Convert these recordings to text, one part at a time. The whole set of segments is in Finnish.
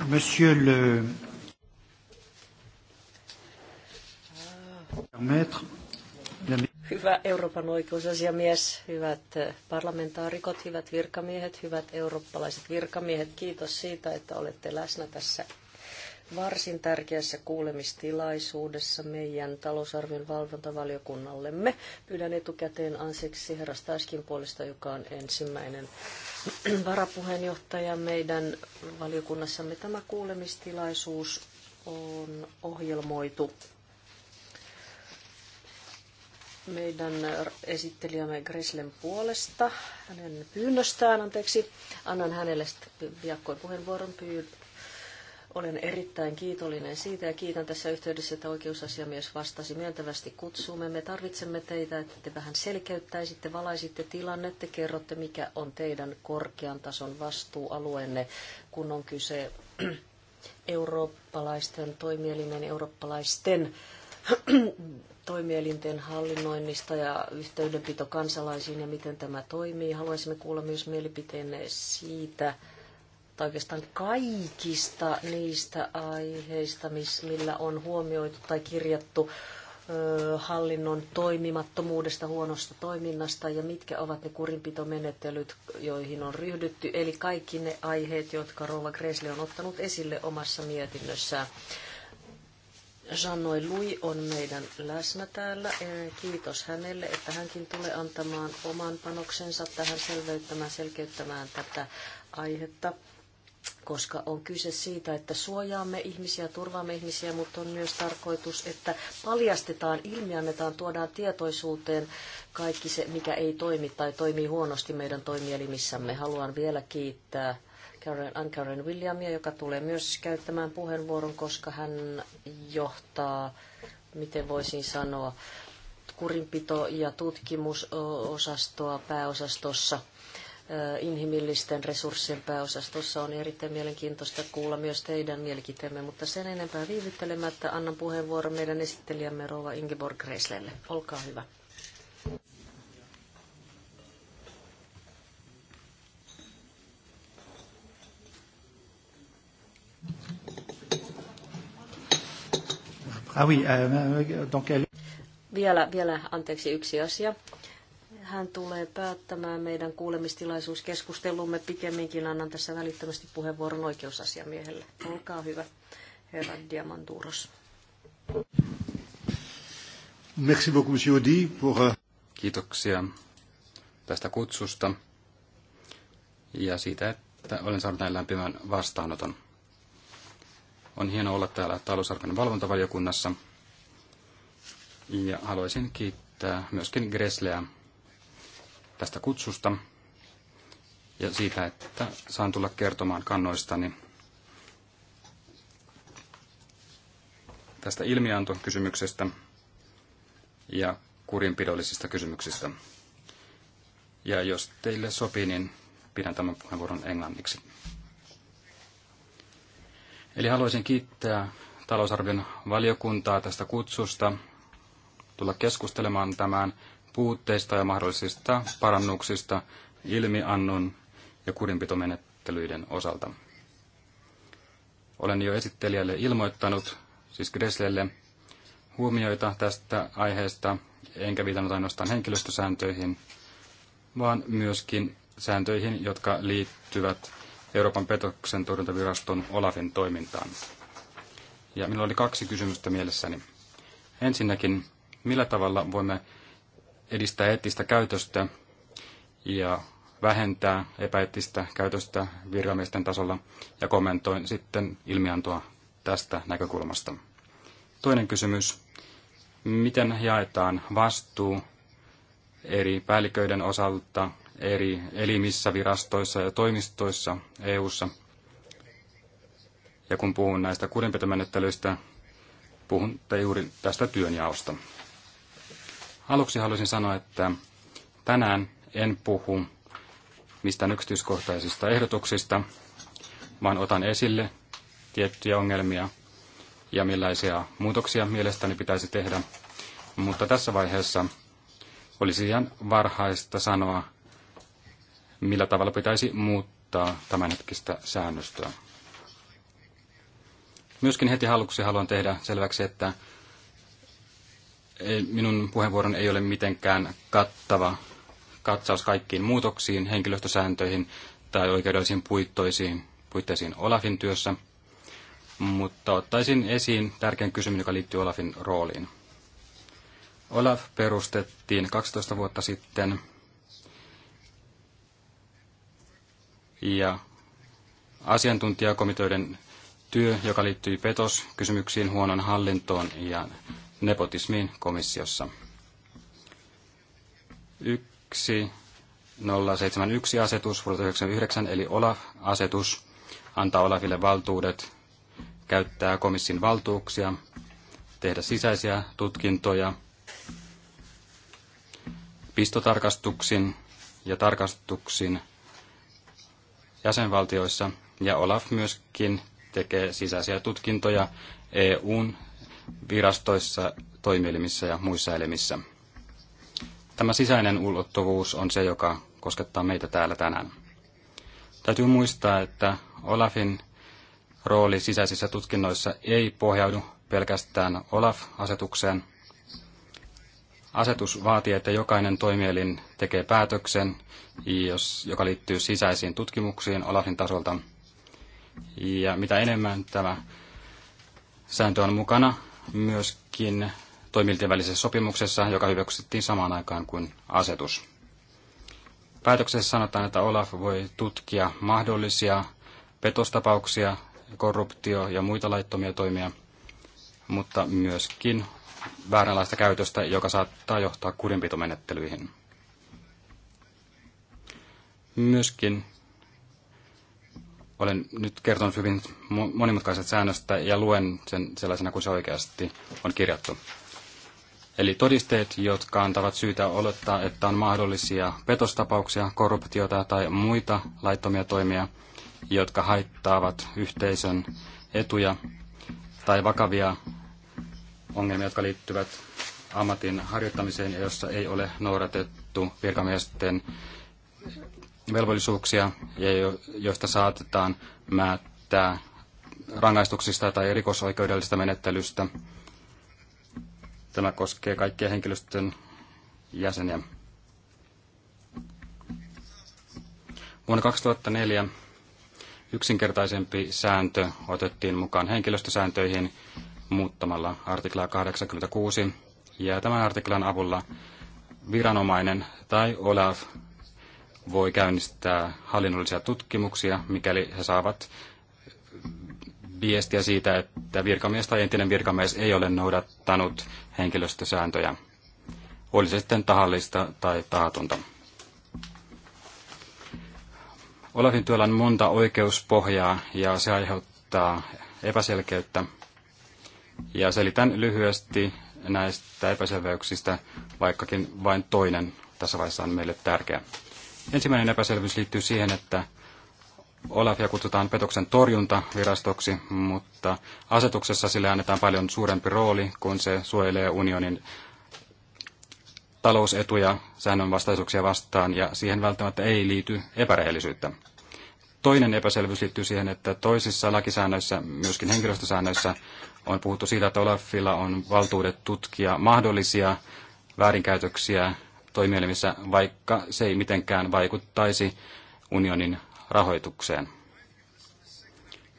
Monsieur le... Hyvä Euroopan oikeusasiamies, hyvät eh, parlamentaarikot, hyvät virkamiehet, hyvät eurooppalaiset virkamiehet, kiitos siitä, että olette läsnä tässä varsin tärkeässä kuulemistilaisuudessa meidän talousarvion valvontavaliokunnallemme. Pyydän etukäteen ansiksi herra Staskin puolesta, joka on ensimmäinen varapuheenjohtaja meidän valiokunnassamme. Tämä kuulemistilaisuus on ohjelmoitu meidän esittelijämme Greslen puolesta, hänen pyynnöstään, anteeksi. Annan hänelle piakkoin puheenvuoron. Olen erittäin kiitollinen siitä ja kiitän tässä yhteydessä, että oikeusasiamies vastasi myöntävästi kutsuumme. Me tarvitsemme teitä, että te vähän selkeyttäisitte, valaisitte tilannetta, kerrotte, mikä on teidän korkean tason vastuualueenne, kun on kyse eurooppalaisten toimielimen, eurooppalaisten toimielinten hallinnoinnista ja yhteydenpito kansalaisiin ja miten tämä toimii. Haluaisimme kuulla myös mielipiteenne siitä, huolimatta oikeastaan kaikista niistä aiheista, millä on huomioitu tai kirjattu hallinnon toimimattomuudesta, huonosta toiminnasta ja mitkä ovat ne kurinpitomenettelyt, joihin on ryhdytty. Eli kaikki ne aiheet, jotka Rova Gresli on ottanut esille omassa mietinnössään. jean Lui on meidän läsnä täällä. E, kiitos hänelle, että hänkin tulee antamaan oman panoksensa tähän selveyttämään, selkeyttämään tätä aihetta koska on kyse siitä, että suojaamme ihmisiä, turvaamme ihmisiä, mutta on myös tarkoitus, että paljastetaan, ilmiannetaan, tuodaan tietoisuuteen kaikki se, mikä ei toimi tai toimii huonosti meidän toimielimissämme. Haluan vielä kiittää Karen, Ann Karen Williamia, joka tulee myös käyttämään puheenvuoron, koska hän johtaa, miten voisin sanoa, kurinpito- ja tutkimusosastoa pääosastossa – inhimillisten resurssien pääosastossa. On erittäin mielenkiintoista kuulla myös teidän mielipiteemme, mutta sen enempää viivyttelemättä annan puheenvuoron meidän esittelijämme Rova Ingeborg Greslelle. Olkaa hyvä. Ah oui, euh, donc elle... Vielä, vielä, anteeksi, yksi asia. Hän tulee päättämään meidän kuulemistilaisuuskeskustelumme. Pikemminkin annan tässä välittömästi puheenvuoron oikeusasiamiehelle. Olkaa hyvä, herra Diamanturos. Merci beaucoup, monsieur Audi, pour... Euh, Kiitoksia tästä kutsusta ja siitä, että olen saanut näin lämpimän vastaanoton. On hienoa olla täällä talousarvion valvontavaliokunnassa ja haluaisin kiittää myöskin Gresleä tästä kutsusta ja siitä, että saan tulla kertomaan kannoistani tästä ilmiantokysymyksestä ja kurinpidollisista kysymyksistä. Ja jos teille sopii, niin pidän tämän puheenvuoron englanniksi. Eli haluaisin kiittää talousarvion valiokuntaa tästä kutsusta tulla keskustelemaan tämän puutteista ja mahdollisista parannuksista ilmiannon ja kurinpitomenettelyiden osalta. Olen jo esittelijälle ilmoittanut, siis Gresselle, huomioita tästä aiheesta, enkä viitannut ainoastaan henkilöstösääntöihin, vaan myöskin sääntöihin, jotka liittyvät Euroopan petoksen torjuntaviraston Olafin toimintaan. Ja minulla oli kaksi kysymystä mielessäni. Ensinnäkin, millä tavalla voimme edistää eettistä käytöstä ja vähentää epäeettistä käytöstä virkamiesten tasolla ja kommentoin sitten ilmiantoa tästä näkökulmasta. Toinen kysymys. Miten jaetaan vastuu eri päälliköiden osalta eri elimissä, virastoissa ja toimistoissa EU:ssa? Ja kun puhun näistä kurinpitomenettelyistä, puhun juuri tästä työnjaosta. Aluksi haluaisin sanoa, että tänään en puhu mistään yksityiskohtaisista ehdotuksista, vaan otan esille tiettyjä ongelmia ja millaisia muutoksia mielestäni pitäisi tehdä. Mutta tässä vaiheessa olisi ihan varhaista sanoa, millä tavalla pitäisi muuttaa tämänhetkistä säännöstöä. Myöskin heti haluksi haluan tehdä selväksi, että ei, minun puheenvuoron ei ole mitenkään kattava katsaus kaikkiin muutoksiin, henkilöstösääntöihin tai oikeudellisiin puittoisiin, puitteisiin Olafin työssä, mutta ottaisin esiin tärkeän kysymyksen, joka liittyy Olafin rooliin. Olaf perustettiin 12 vuotta sitten ja asiantuntijakomiteoiden työ, joka liittyy petoskysymyksiin, huonon hallintoon ja nepotismiin komissiossa. 1071 asetus vuodelta 1999 eli OLAF-asetus antaa OLAFille valtuudet käyttää komission valtuuksia, tehdä sisäisiä tutkintoja, pistotarkastuksin ja tarkastuksin jäsenvaltioissa ja OLAF myöskin tekee sisäisiä tutkintoja EUn virastoissa, toimielimissä ja muissa elimissä. Tämä sisäinen ulottuvuus on se, joka koskettaa meitä täällä tänään. Täytyy muistaa, että Olafin rooli sisäisissä tutkinnoissa ei pohjaudu pelkästään Olaf-asetukseen. Asetus vaatii, että jokainen toimielin tekee päätöksen, jos, joka liittyy sisäisiin tutkimuksiin Olafin tasolta. Ja mitä enemmän tämä sääntö on mukana, myöskin toimiltien välisessä sopimuksessa, joka hyväksyttiin samaan aikaan kuin asetus. Päätöksessä sanotaan, että Olaf voi tutkia mahdollisia petostapauksia, korruptio ja muita laittomia toimia, mutta myöskin vääränlaista käytöstä, joka saattaa johtaa kurinpitomenettelyihin. Myöskin olen nyt kertonut hyvin monimutkaiset säännöstä ja luen sen sellaisena kuin se oikeasti on kirjattu. Eli todisteet, jotka antavat syytä olettaa, että on mahdollisia petostapauksia, korruptiota tai muita laittomia toimia, jotka haittaavat yhteisön etuja tai vakavia ongelmia, jotka liittyvät ammatin harjoittamiseen ja jossa ei ole noudatettu virkamiesten velvollisuuksia, joista saatetaan määttää rangaistuksista tai rikosoikeudellisesta menettelystä. Tämä koskee kaikkia henkilöstön jäseniä. Vuonna 2004 yksinkertaisempi sääntö otettiin mukaan henkilöstösääntöihin muuttamalla artiklaa 86 ja tämän artiklan avulla viranomainen tai OLAF voi käynnistää hallinnollisia tutkimuksia, mikäli he saavat viestiä siitä, että virkamies tai entinen virkamies ei ole noudattanut henkilöstösääntöjä. Oli se sitten tahallista tai tahatonta. Olafin työllä on monta oikeuspohjaa ja se aiheuttaa epäselkeyttä. Ja selitän lyhyesti näistä epäselvyyksistä, vaikkakin vain toinen tässä vaiheessa on meille tärkeä. Ensimmäinen epäselvyys liittyy siihen, että Olafia kutsutaan petoksen torjuntavirastoksi, mutta asetuksessa sille annetaan paljon suurempi rooli, kun se suojelee unionin talousetuja säännönvastaisuuksia vastaan, ja siihen välttämättä ei liity epärehellisyyttä. Toinen epäselvyys liittyy siihen, että toisissa lakisäännöissä, myöskin henkilöstösäännöissä, on puhuttu siitä, että Olafilla on valtuudet tutkia mahdollisia väärinkäytöksiä toimielimissä, vaikka se ei mitenkään vaikuttaisi unionin rahoitukseen.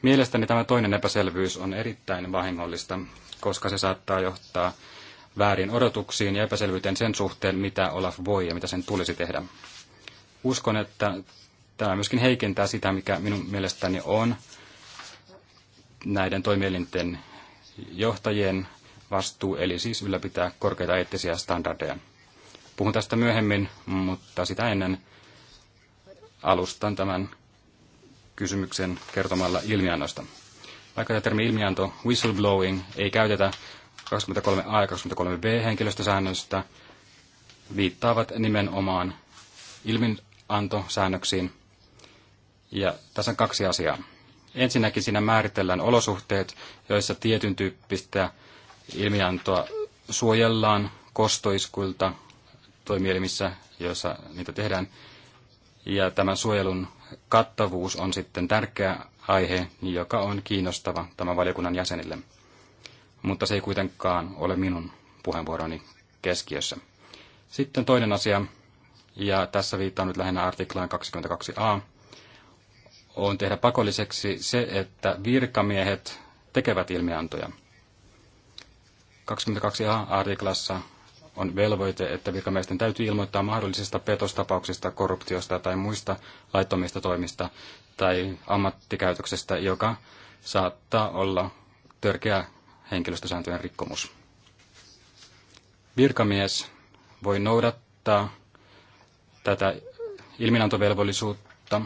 Mielestäni tämä toinen epäselvyys on erittäin vahingollista, koska se saattaa johtaa väärin odotuksiin ja epäselvyyteen sen suhteen, mitä Olaf voi ja mitä sen tulisi tehdä. Uskon, että tämä myöskin heikentää sitä, mikä minun mielestäni on näiden toimielinten johtajien vastuu, eli siis ylläpitää korkeita eettisiä standardeja. Puhun tästä myöhemmin, mutta sitä ennen alustan tämän kysymyksen kertomalla ilmiannosta. Vaikka tämä termi ilmianto, whistleblowing, ei käytetä 23a ja 23b henkilöstösäännöstä, viittaavat nimenomaan ilmiantosäännöksiin. Ja tässä on kaksi asiaa. Ensinnäkin siinä määritellään olosuhteet, joissa tietyn tyyppistä ilmiantoa suojellaan kostoiskuilta, toimielimissä, joissa niitä tehdään. Ja tämän suojelun kattavuus on sitten tärkeä aihe, joka on kiinnostava tämän valiokunnan jäsenille. Mutta se ei kuitenkaan ole minun puheenvuoroni keskiössä. Sitten toinen asia, ja tässä viittaan nyt lähinnä artiklaan 22a, on tehdä pakolliseksi se, että virkamiehet tekevät ilmiantoja. 22a artiklassa on velvoite, että virkamiesten täytyy ilmoittaa mahdollisista petostapauksista, korruptiosta tai muista laittomista toimista tai ammattikäytöksestä, joka saattaa olla törkeä henkilöstösääntöjen rikkomus. Virkamies voi noudattaa tätä ilminantovelvollisuutta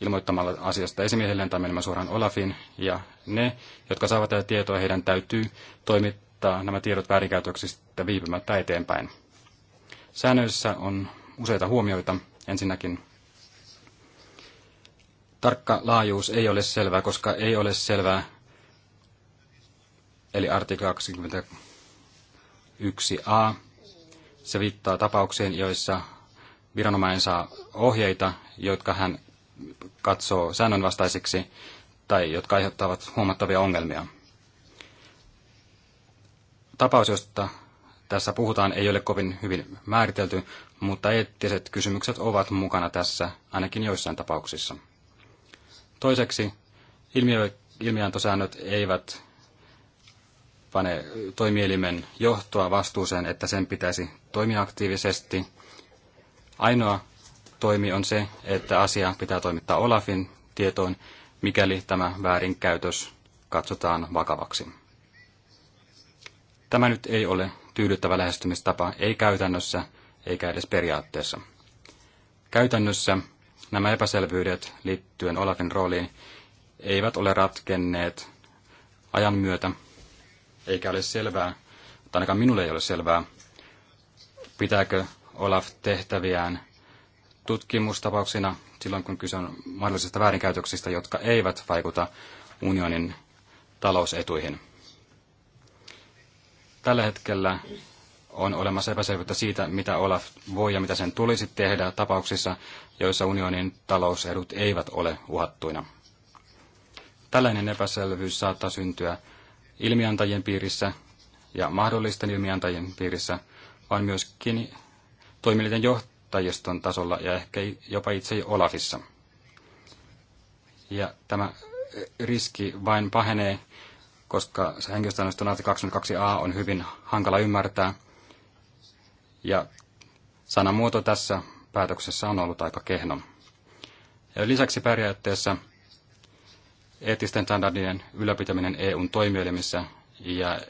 ilmoittamalla asiasta esimiehelleen tai menemään suoraan Olafiin. Ja ne, jotka saavat tätä tietoa, heidän täytyy toimittaa toimittaa nämä tiedot väärinkäytöksistä viipymättä eteenpäin. Säännöissä on useita huomioita. Ensinnäkin tarkka laajuus ei ole selvää, koska ei ole selvää, eli artikla 21a, se viittaa tapauksiin, joissa viranomainen saa ohjeita, jotka hän katsoo säännönvastaisiksi tai jotka aiheuttavat huomattavia ongelmia tapaus, josta tässä puhutaan, ei ole kovin hyvin määritelty, mutta eettiset kysymykset ovat mukana tässä ainakin joissain tapauksissa. Toiseksi ilmiö, ilmiantosäännöt eivät pane toimielimen johtoa vastuuseen, että sen pitäisi toimia aktiivisesti. Ainoa toimi on se, että asia pitää toimittaa Olafin tietoon, mikäli tämä väärinkäytös katsotaan vakavaksi. Tämä nyt ei ole tyydyttävä lähestymistapa, ei käytännössä eikä edes periaatteessa. Käytännössä nämä epäselvyydet liittyen Olafin rooliin eivät ole ratkenneet ajan myötä, eikä ole selvää, tai ainakaan minulle ei ole selvää, pitääkö Olaf tehtäviään tutkimustapauksina silloin, kun kyse on mahdollisista väärinkäytöksistä, jotka eivät vaikuta unionin talousetuihin. Tällä hetkellä on olemassa epäselvyyttä siitä, mitä Olaf voi ja mitä sen tulisi tehdä tapauksissa, joissa unionin talousedut eivät ole uhattuina. Tällainen epäselvyys saattaa syntyä ilmiantajien piirissä ja mahdollisten ilmiantajien piirissä, vaan myöskin toimielinten johtajiston tasolla ja ehkä jopa itse Olafissa. Ja tämä riski vain pahenee, koska se henkilöstönnöstön artikla 22a on hyvin hankala ymmärtää. Ja sanamuoto tässä päätöksessä on ollut aika kehno. Ja lisäksi periaatteessa eettisten standardien ylläpitäminen EUn toimielimissä ja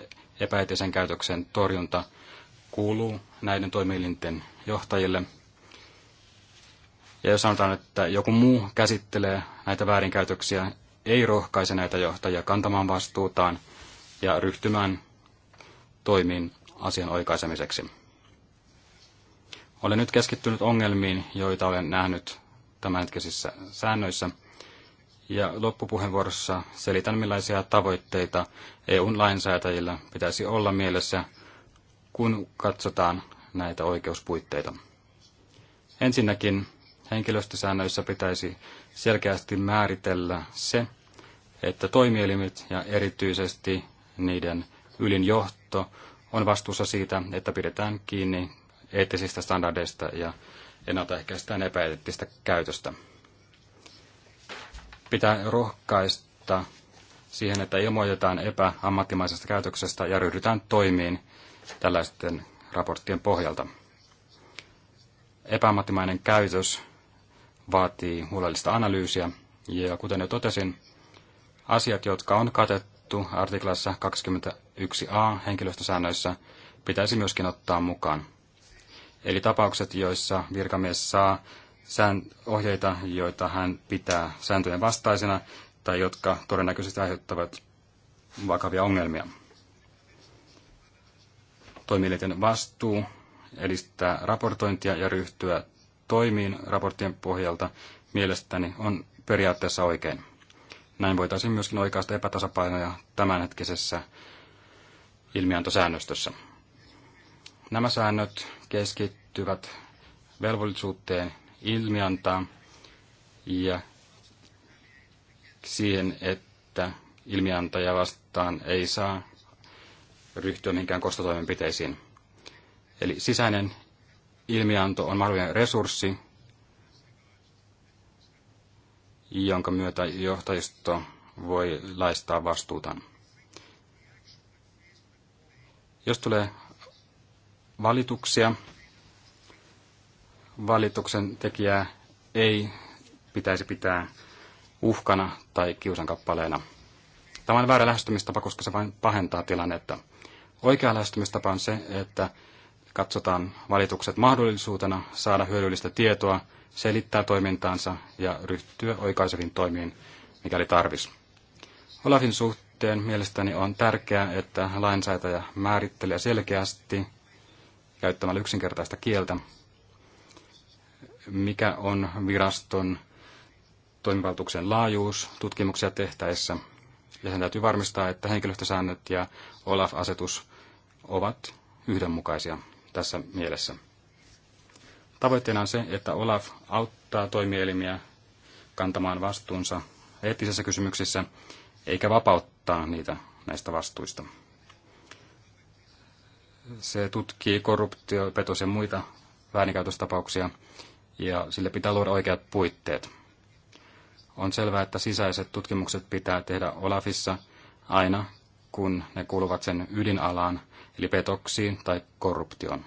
epäeettisen käytöksen torjunta kuuluu näiden toimielinten johtajille. Ja jos sanotaan, että joku muu käsittelee näitä väärinkäytöksiä, ei rohkaise näitä johtajia kantamaan vastuutaan ja ryhtymään toimiin asian oikaisemiseksi. Olen nyt keskittynyt ongelmiin, joita olen nähnyt tämänhetkisissä säännöissä, ja loppupuheenvuorossa selitän, millaisia tavoitteita EUn lainsäätäjillä pitäisi olla mielessä, kun katsotaan näitä oikeuspuitteita. Ensinnäkin henkilöstösäännöissä pitäisi selkeästi määritellä se, että toimielimet ja erityisesti niiden ylin johto on vastuussa siitä, että pidetään kiinni eettisistä standardeista ja ennaltaehkäistään epäeettistä käytöstä. Pitää rohkaista siihen, että ilmoitetaan epäammattimaisesta käytöksestä ja ryhdytään toimiin tällaisten raporttien pohjalta. Epäammattimainen käytös vaatii huolellista analyysiä. Ja kuten jo totesin, asiat, jotka on katettu artiklassa 21a henkilöstösäännöissä, pitäisi myöskin ottaa mukaan. Eli tapaukset, joissa virkamies saa ohjeita, joita hän pitää sääntöjen vastaisena tai jotka todennäköisesti aiheuttavat vakavia ongelmia. Toimielinten vastuu edistää raportointia ja ryhtyä toimiin raporttien pohjalta mielestäni on periaatteessa oikein. Näin voitaisiin myöskin oikaista epätasapainoja tämänhetkisessä ilmiantosäännöstössä. Nämä säännöt keskittyvät velvollisuuteen ilmiantaa ja siihen, että ilmiantaja vastaan ei saa ryhtyä minkään kostotoimenpiteisiin. Eli sisäinen ilmianto on mahdollinen resurssi, jonka myötä johtajisto voi laistaa vastuuta. Jos tulee valituksia, valituksen tekijää ei pitäisi pitää uhkana tai kiusankappaleena. Tämä on väärä lähestymistapa, koska se vain pahentaa tilannetta. Oikea lähestymistapa on se, että katsotaan valitukset mahdollisuutena saada hyödyllistä tietoa, selittää toimintaansa ja ryhtyä oikaiseviin toimiin, mikäli tarvis. Olafin suhteen mielestäni on tärkeää, että lainsäätäjä määrittelee selkeästi käyttämällä yksinkertaista kieltä, mikä on viraston toimivaltuuksien laajuus tutkimuksia tehtäessä, ja sen täytyy varmistaa, että henkilöstösäännöt ja Olaf-asetus ovat yhdenmukaisia tässä mielessä. Tavoitteena on se, että Olaf auttaa toimielimiä kantamaan vastuunsa eettisissä kysymyksissä, eikä vapauttaa niitä näistä vastuista. Se tutkii korruptio, petos ja muita väärinkäytöstapauksia, ja sille pitää luoda oikeat puitteet. On selvää, että sisäiset tutkimukset pitää tehdä Olafissa aina, kun ne kuuluvat sen ydinalaan – eli petoksiin tai korruptioon.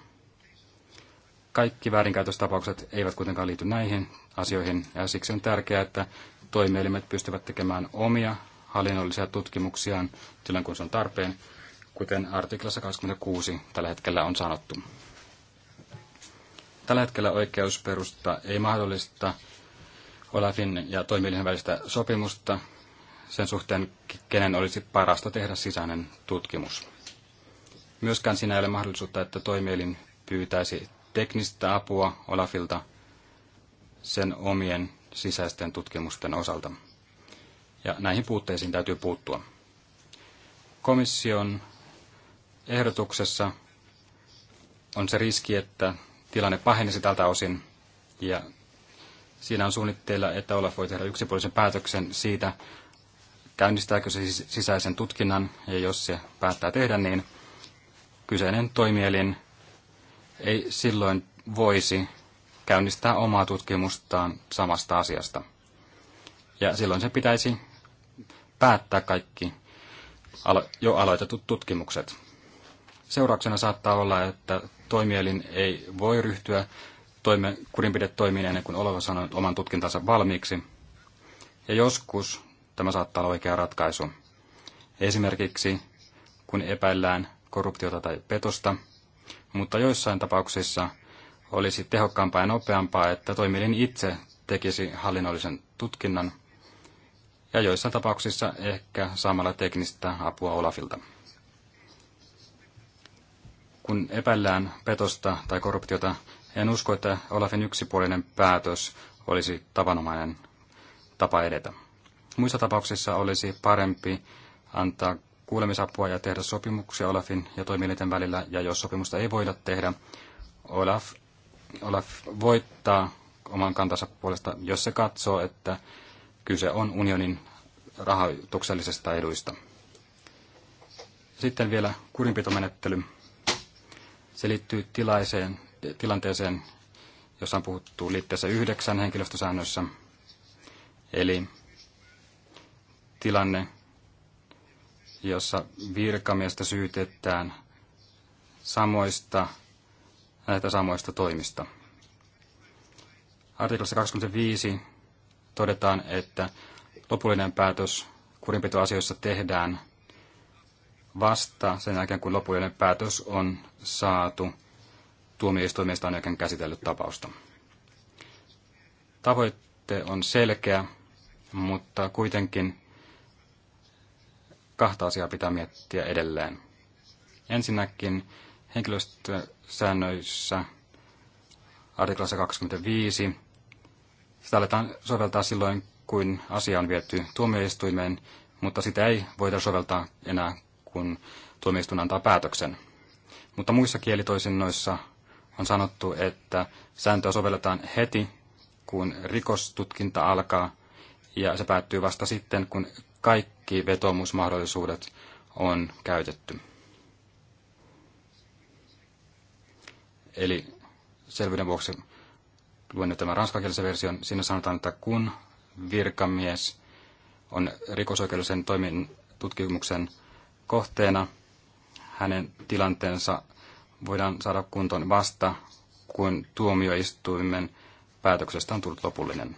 Kaikki väärinkäytöstapaukset eivät kuitenkaan liity näihin asioihin, ja siksi on tärkeää, että toimielimet pystyvät tekemään omia hallinnollisia tutkimuksiaan silloin, kun se on tarpeen, kuten artiklassa 26 tällä hetkellä on sanottu. Tällä hetkellä oikeusperusta ei mahdollista Olafin ja toimielimen välistä sopimusta sen suhteen, kenen olisi parasta tehdä sisäinen tutkimus. Myöskään siinä ei ole mahdollisuutta, että toimielin pyytäisi teknistä apua Olafilta sen omien sisäisten tutkimusten osalta. Ja näihin puutteisiin täytyy puuttua. Komission ehdotuksessa on se riski, että tilanne pahenisi tältä osin ja siinä on suunnitteilla, että Olaf voi tehdä yksipuolisen päätöksen siitä, käynnistääkö se sisäisen tutkinnan ja jos se päättää tehdä niin, kyseinen toimielin ei silloin voisi käynnistää omaa tutkimustaan samasta asiasta. Ja silloin se pitäisi päättää kaikki jo aloitetut tutkimukset. Seurauksena saattaa olla, että toimielin ei voi ryhtyä toime, kurinpidetoimiin ennen kuin oleva sanoi oman tutkintansa valmiiksi. Ja joskus tämä saattaa olla oikea ratkaisu. Esimerkiksi kun epäillään korruptiota tai petosta, mutta joissain tapauksissa olisi tehokkaampaa ja nopeampaa, että toimielin itse tekisi hallinnollisen tutkinnan ja joissain tapauksissa ehkä saamalla teknistä apua Olafilta. Kun epäillään petosta tai korruptiota, en usko, että Olafin yksipuolinen päätös olisi tavanomainen tapa edetä. Muissa tapauksissa olisi parempi antaa kuulemisapua ja tehdä sopimuksia Olafin ja toimielinten välillä, ja jos sopimusta ei voida tehdä, Olaf, Olaf voittaa oman kantansa puolesta, jos se katsoo, että kyse on unionin rahoituksellisesta eduista. Sitten vielä kurinpitomenettely. Se liittyy tilaiseen, tilanteeseen, jossa on puhuttu liitteessä yhdeksän henkilöstösäännössä. Eli tilanne, jossa virkamiestä syytetään samoista, näitä samoista toimista. Artiklassa 25 todetaan, että lopullinen päätös kurinpitoasioissa tehdään vasta sen jälkeen, kun lopullinen päätös on saatu tuomioistuimesta on jälkeen käsitellyt tapausta. Tavoitte on selkeä, mutta kuitenkin kahta asiaa pitää miettiä edelleen. Ensinnäkin henkilöstösäännöissä artiklassa 25. Sitä aletaan soveltaa silloin, kun asia on viety tuomioistuimeen, mutta sitä ei voida soveltaa enää, kun tuomioistuin antaa päätöksen. Mutta muissa kielitoisinnoissa on sanottu, että sääntöä sovelletaan heti, kun rikostutkinta alkaa, ja se päättyy vasta sitten, kun kaikki vetomusmahdollisuudet on käytetty. Eli selvyyden vuoksi luen nyt tämän ranskakielisen version. Siinä sanotaan, että kun virkamies on rikosoikeudellisen toimin tutkimuksen kohteena, hänen tilanteensa voidaan saada kuntoon vasta, kun tuomioistuimen päätöksestä on tullut lopullinen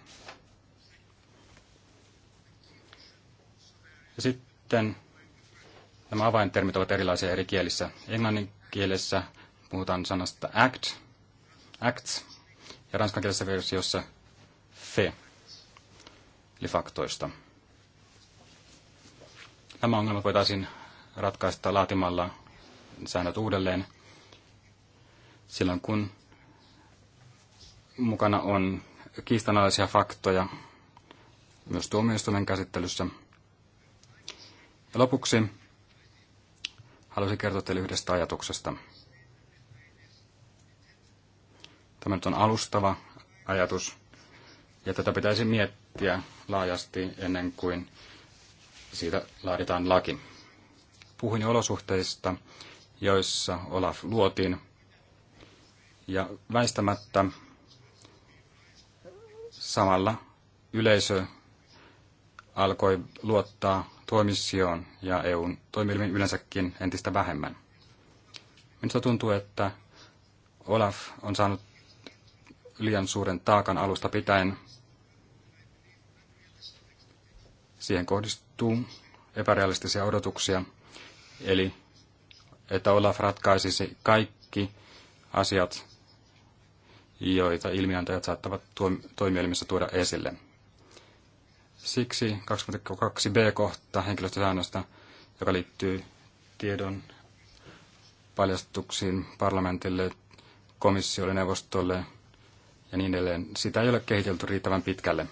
Ja sitten nämä avaintermit ovat erilaisia eri kielissä. Englannin kielessä puhutaan sanasta act, acts, ja ranskankielisessä versiossa fe, eli faktoista. Nämä ongelmat voitaisiin ratkaista laatimalla säännöt uudelleen silloin, kun mukana on kiistanalaisia faktoja myös tuomioistuimen käsittelyssä – ja lopuksi haluaisin kertoa teille yhdestä ajatuksesta. Tämä nyt on alustava ajatus, ja tätä pitäisi miettiä laajasti ennen kuin siitä laaditaan laki. Puhuin jo olosuhteista, joissa Olaf luotiin, ja väistämättä samalla yleisö alkoi luottaa komissioon ja EUn toimielimiin yleensäkin entistä vähemmän. Minusta tuntuu, että Olaf on saanut liian suuren taakan alusta pitäen. Siihen kohdistuu epärealistisia odotuksia, eli että Olaf ratkaisisi kaikki asiat, joita ilmiantajat saattavat toimielimissä tuoda esille. Siksi 22b-kohta henkilöstösäännöstä, joka liittyy tiedon paljastuksiin parlamentille, komissiolle, neuvostolle ja niin edelleen, sitä ei ole kehitelty riittävän pitkälle.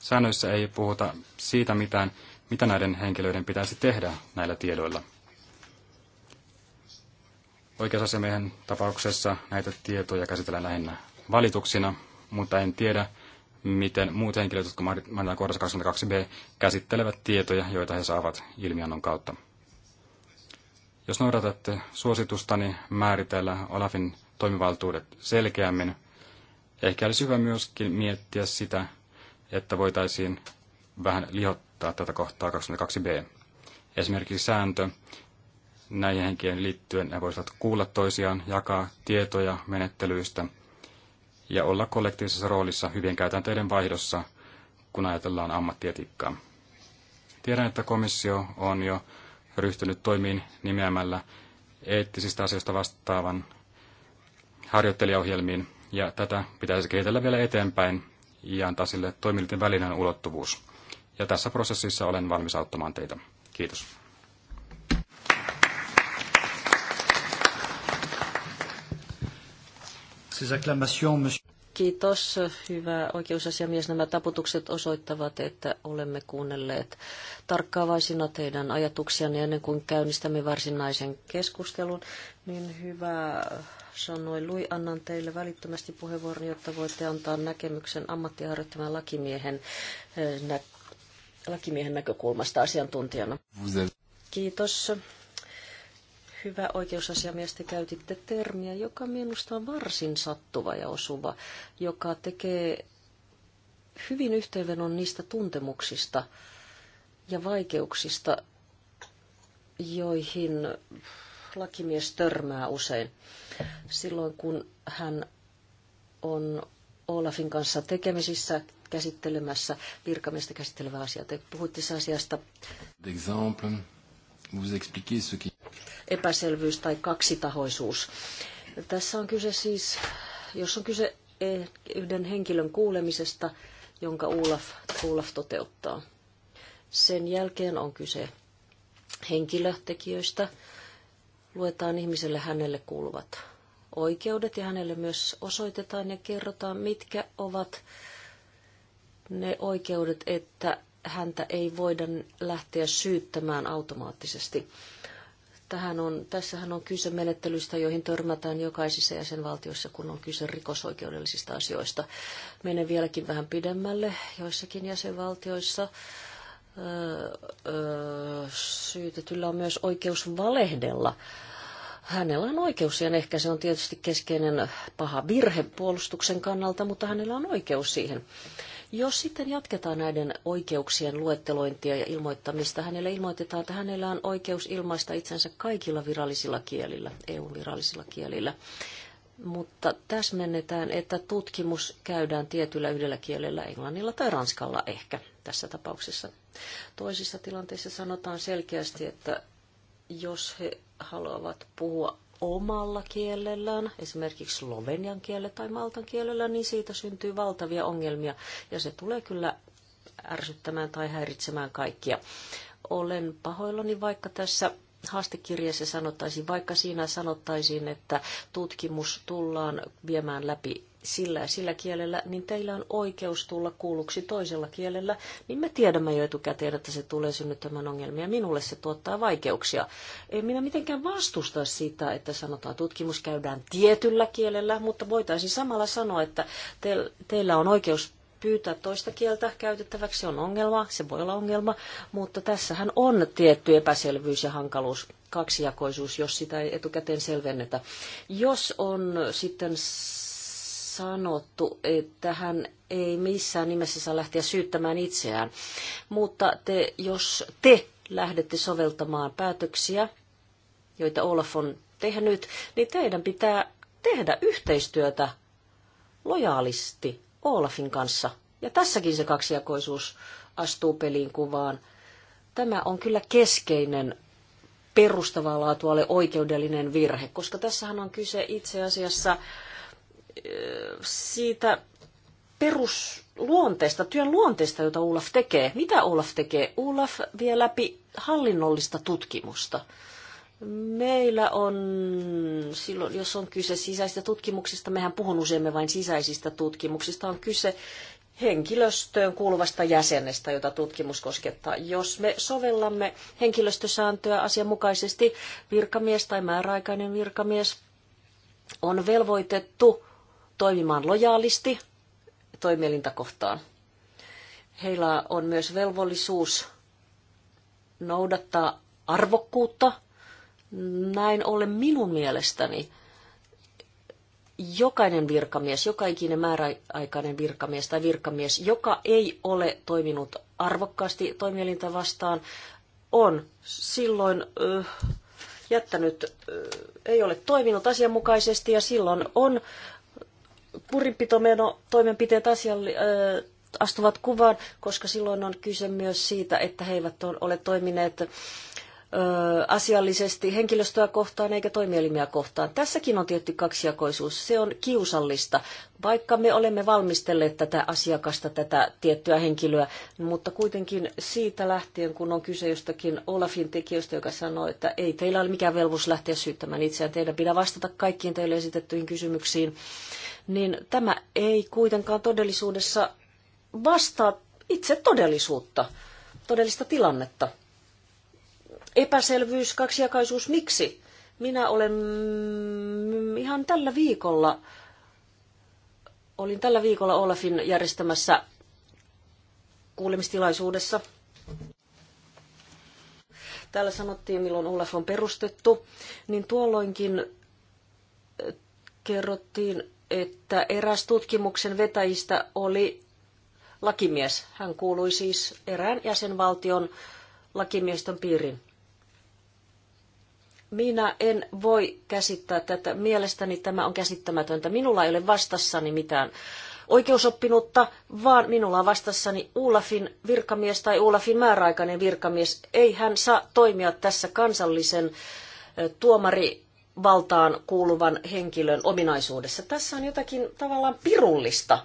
Säännöissä ei puhuta siitä mitään, mitä näiden henkilöiden pitäisi tehdä näillä tiedoilla. Oikeusasiamiehen tapauksessa näitä tietoja käsitellään lähinnä valituksina, mutta en tiedä, miten muut henkilöt, jotka mainitaan kohdassa 22b, käsittelevät tietoja, joita he saavat ilmiannon kautta. Jos noudatatte niin määritellä Olafin toimivaltuudet selkeämmin, ehkä olisi hyvä myöskin miettiä sitä, että voitaisiin vähän lihottaa tätä kohtaa 22b. Esimerkiksi sääntö näihin henkien liittyen, ne voisivat kuulla toisiaan, jakaa tietoja menettelyistä – ja olla kollektiivisessa roolissa hyvien käytänteiden vaihdossa, kun ajatellaan ammattietiikkaa. Tiedän, että komissio on jo ryhtynyt toimiin nimeämällä eettisistä asioista vastaavan harjoittelijaohjelmiin, ja tätä pitäisi kehitellä vielä eteenpäin ja antaa sille toimijoiden välinen ulottuvuus. Ja tässä prosessissa olen valmis auttamaan teitä. Kiitos. Kiitos, hyvä oikeusasiamies. Nämä taputukset osoittavat, että olemme kuunnelleet tarkkaavaisina teidän ajatuksianne ennen kuin käynnistämme varsinaisen keskustelun. Niin hyvä sanoi Lui, annan teille välittömästi puheenvuoron, jotta voitte antaa näkemyksen ammattiharjoittavan lakimiehen, eh, nä, lakimiehen näkökulmasta asiantuntijana. Kiitos. Hyvä oikeusasiamies, te käytitte termiä, joka minusta on varsin sattuva ja osuva, joka tekee hyvin yhteenvedon niistä tuntemuksista ja vaikeuksista, joihin lakimies törmää usein silloin, kun hän on Olafin kanssa tekemisissä käsittelemässä virkamiestä käsittelevää asiaa. Te puhuitte siis asiasta vous expliquer ce qui... Epäselvyys tai kaksitahoisuus. Tässä on kyse siis, jos on kyse eh, yhden henkilön kuulemisesta, jonka Olaf, Olaf toteuttaa. Sen jälkeen on kyse henkilötekijöistä. Luetaan ihmiselle hänelle kuuluvat oikeudet ja hänelle myös osoitetaan ja kerrotaan, mitkä ovat ne oikeudet, että häntä ei voida lähteä syyttämään automaattisesti. Tähän on, tässähän on kyse menettelyistä, joihin törmätään jokaisissa jäsenvaltioissa, kun on kyse rikosoikeudellisista asioista. Menen vieläkin vähän pidemmälle joissakin jäsenvaltioissa. Öö, öö, syytetyllä on myös oikeus valehdella hänellä on oikeus ja Ehkä se on tietysti keskeinen paha virhe puolustuksen kannalta, mutta hänellä on oikeus siihen. Jos sitten jatketaan näiden oikeuksien luettelointia ja ilmoittamista, hänelle ilmoitetaan, että hänellä on oikeus ilmaista itsensä kaikilla virallisilla kielillä, EU-virallisilla kielillä. Mutta täsmennetään, että tutkimus käydään tietyllä yhdellä kielellä, englannilla tai ranskalla ehkä tässä tapauksessa. Toisissa tilanteissa sanotaan selkeästi, että jos he haluavat puhua omalla kielellään, esimerkiksi slovenian kielellä tai maltan kielellä, niin siitä syntyy valtavia ongelmia ja se tulee kyllä ärsyttämään tai häiritsemään kaikkia. Olen pahoillani, vaikka tässä haastekirjassa sanottaisiin, vaikka siinä sanottaisiin, että tutkimus tullaan viemään läpi sillä ja sillä kielellä, niin teillä on oikeus tulla kuulluksi toisella kielellä, niin me tiedämme jo etukäteen, että se tulee synnyttämään ongelmia. Minulle se tuottaa vaikeuksia. Ei minä mitenkään vastusta sitä, että sanotaan tutkimus käydään tietyllä kielellä, mutta voitaisiin samalla sanoa, että te, teillä on oikeus pyytää toista kieltä käytettäväksi, se on ongelma, se voi olla ongelma, mutta tässähän on tietty epäselvyys ja hankaluus, kaksijakoisuus, jos sitä ei etukäteen selvennetä. Jos on sitten sanottu, että hän ei missään nimessä saa lähteä syyttämään itseään. Mutta te, jos te lähdette soveltamaan päätöksiä, joita Olaf on tehnyt, niin teidän pitää tehdä yhteistyötä lojaalisti Olafin kanssa. Ja tässäkin se kaksijakoisuus astuu peliin kuvaan. Tämä on kyllä keskeinen perustavaa laatua ole oikeudellinen virhe, koska tässähän on kyse itse asiassa äh, siitä perusluonteesta, työn luonteesta, jota Olaf tekee. Mitä Olaf tekee? Olaf vie läpi hallinnollista tutkimusta. Meillä on, silloin jos on kyse sisäisistä tutkimuksista, mehän puhun useimme vain sisäisistä tutkimuksista, on kyse henkilöstöön kuuluvasta jäsenestä, jota tutkimus koskettaa. Jos me sovellamme henkilöstösääntöä asianmukaisesti, virkamies tai määräaikainen virkamies on velvoitettu toimimaan lojaalisti toimielintä kohtaan. Heillä on myös velvollisuus noudattaa arvokkuutta. Näin ollen minun mielestäni jokainen virkamies, joka ikinen määräaikainen virkamies tai virkamies, joka ei ole toiminut arvokkaasti toimielintä vastaan, on silloin äh, jättänyt, äh, ei ole toiminut asianmukaisesti ja silloin on kurinpitomeno toimenpiteet asialle, äh, astuvat kuvaan, koska silloin on kyse myös siitä, että he eivät ole toimineet asiallisesti henkilöstöä kohtaan eikä toimielimiä kohtaan. Tässäkin on tietty kaksijakoisuus. Se on kiusallista, vaikka me olemme valmistelleet tätä asiakasta, tätä tiettyä henkilöä, mutta kuitenkin siitä lähtien, kun on kyse jostakin Olafin tekijöstä, joka sanoo, että ei teillä ole mikään velvollisuus lähteä syyttämään itseään, teidän pitää vastata kaikkiin teille esitettyihin kysymyksiin niin tämä ei kuitenkaan todellisuudessa vastaa itse todellisuutta, todellista tilannetta. Epäselvyys, kaksijakaisuus, miksi? Minä olen mm, ihan tällä viikolla, olin tällä viikolla Olafin järjestämässä kuulemistilaisuudessa. Täällä sanottiin, milloin Olaf on perustettu, niin tuolloinkin kerrottiin että eräs tutkimuksen vetäjistä oli lakimies. Hän kuului siis erään jäsenvaltion lakimiestön piiriin. Minä en voi käsittää tätä. Mielestäni tämä on käsittämätöntä. Minulla ei ole vastassani mitään oikeusoppinutta, vaan minulla on vastassani Ulafin virkamies tai Ulafin määräaikainen virkamies. Ei hän saa toimia tässä kansallisen tuomari valtaan kuuluvan henkilön ominaisuudessa. Tässä on jotakin tavallaan pirullista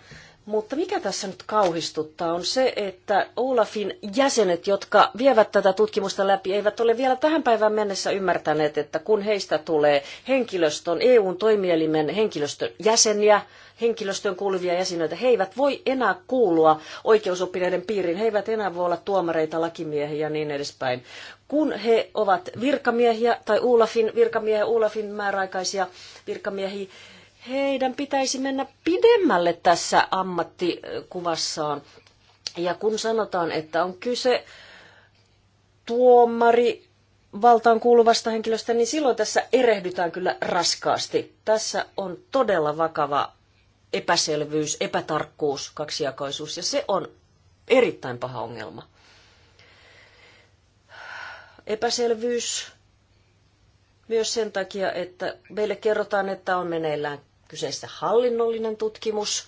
mutta mikä tässä nyt kauhistuttaa on se, että Olafin jäsenet, jotka vievät tätä tutkimusta läpi, eivät ole vielä tähän päivään mennessä ymmärtäneet, että kun heistä tulee henkilöstön, EUn toimielimen henkilöstön jäseniä, henkilöstön kuuluvia jäsenöitä, he eivät voi enää kuulua oikeusoppineiden piiriin, he eivät enää voi olla tuomareita, lakimiehiä ja niin edespäin. Kun he ovat virkamiehiä tai Olafin virkamiehiä, Olafin määräaikaisia virkamiehiä, heidän pitäisi mennä pidemmälle tässä ammattikuvassaan. Ja kun sanotaan, että on kyse tuomari valtaan kuuluvasta henkilöstä, niin silloin tässä erehdytään kyllä raskaasti. Tässä on todella vakava epäselvyys, epätarkkuus, kaksijakoisuus, ja se on erittäin paha ongelma. Epäselvyys myös sen takia, että meille kerrotaan, että on meneillään kyseessä hallinnollinen tutkimus,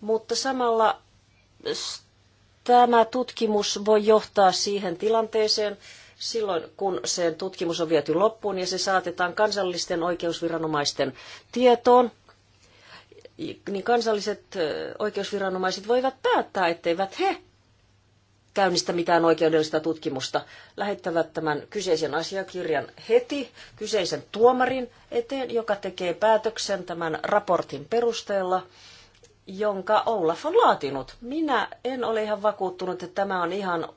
mutta samalla tämä tutkimus voi johtaa siihen tilanteeseen, silloin kun sen tutkimus on viety loppuun ja se saatetaan kansallisten oikeusviranomaisten tietoon, niin kansalliset oikeusviranomaiset voivat päättää, etteivät he käynnistä mitään oikeudellista tutkimusta, lähettävät tämän kyseisen asiakirjan heti kyseisen tuomarin eteen, joka tekee päätöksen tämän raportin perusteella, jonka Olaf on laatinut. Minä en ole ihan vakuuttunut, että tämä on ihan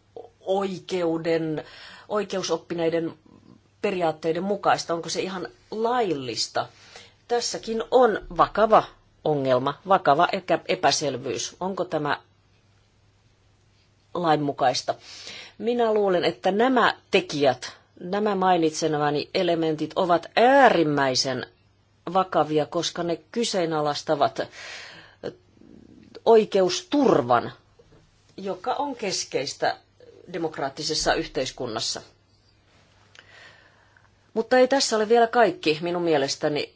oikeuden, oikeusoppineiden periaatteiden mukaista. Onko se ihan laillista? Tässäkin on vakava ongelma, vakava epäselvyys. Onko tämä lainmukaista. Minä luulen, että nämä tekijät, nämä mainitsemani elementit ovat äärimmäisen vakavia, koska ne kyseenalaistavat oikeusturvan, joka on keskeistä demokraattisessa yhteiskunnassa. Mutta ei tässä ole vielä kaikki minun mielestäni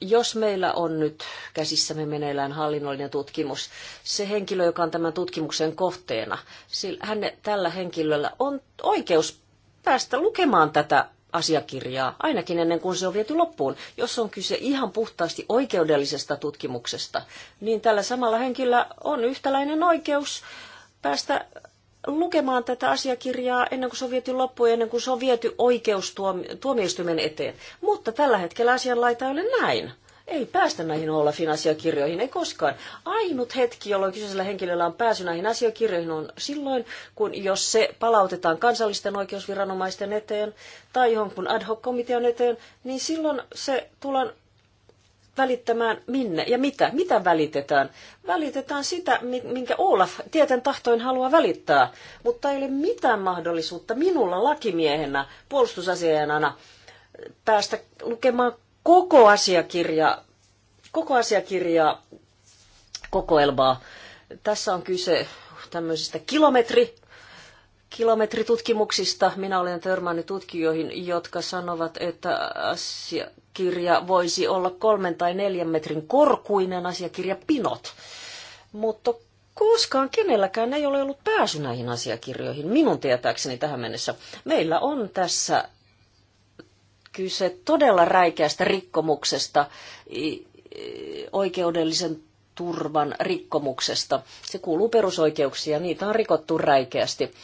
jos meillä on nyt käsissämme meneillään hallinnollinen tutkimus, se henkilö, joka on tämän tutkimuksen kohteena, hän, tällä henkilöllä on oikeus päästä lukemaan tätä asiakirjaa, ainakin ennen kuin se on viety loppuun. Jos on kyse ihan puhtaasti oikeudellisesta tutkimuksesta, niin tällä samalla henkilöllä on yhtäläinen oikeus päästä lukemaan tätä asiakirjaa ennen kuin se on viety loppuun, ennen kuin se on viety oikeustuomioistuimen eteen. Mutta tällä hetkellä asianlaita ei ole näin. Ei päästä näihin Olafin asiakirjoihin, ei koskaan. Ainut hetki, jolloin kyseisellä henkilöllä on pääsy näihin asiakirjoihin, on silloin, kun jos se palautetaan kansallisten oikeusviranomaisten eteen tai johonkin ad hoc komitean eteen, niin silloin se tullaan välittämään minne ja mitä. Mitä välitetään? Välitetään sitä, minkä Olaf tieten tahtoin haluaa välittää, mutta ei ole mitään mahdollisuutta minulla lakimiehenä, puolustusasianana päästä lukemaan koko asiakirja, koko asiakirja kokoelmaa. Tässä on kyse tämmöisistä kilometri kilometritutkimuksista. Minä olen törmännyt tutkijoihin, jotka sanovat, että asiakirja voisi olla kolmen tai neljän metrin korkuinen asiakirja pinot. Mutta koskaan kenelläkään ei ole ollut pääsy näihin asiakirjoihin, minun tietääkseni tähän mennessä. Meillä on tässä kyse todella räikeästä rikkomuksesta, oikeudellisen turvan rikkomuksesta. Se kuuluu perusoikeuksiin ja niitä on rikottu räikeästi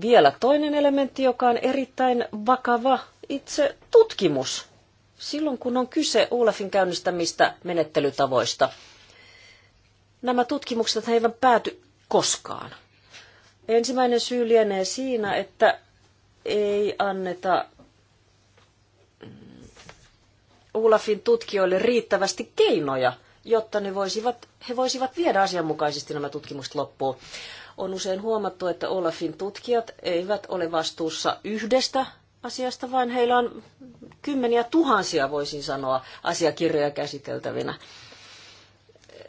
vielä toinen elementti, joka on erittäin vakava, itse tutkimus. Silloin kun on kyse Olafin käynnistämistä menettelytavoista, nämä tutkimukset eivät pääty koskaan. Ensimmäinen syy lienee siinä, että ei anneta mm, Olafin tutkijoille riittävästi keinoja, jotta ne voisivat, he voisivat viedä asianmukaisesti nämä tutkimukset loppuun. On usein huomattu, että Olafin tutkijat eivät ole vastuussa yhdestä asiasta, vaan heillä on kymmeniä tuhansia, voisin sanoa, asiakirjoja käsiteltävinä.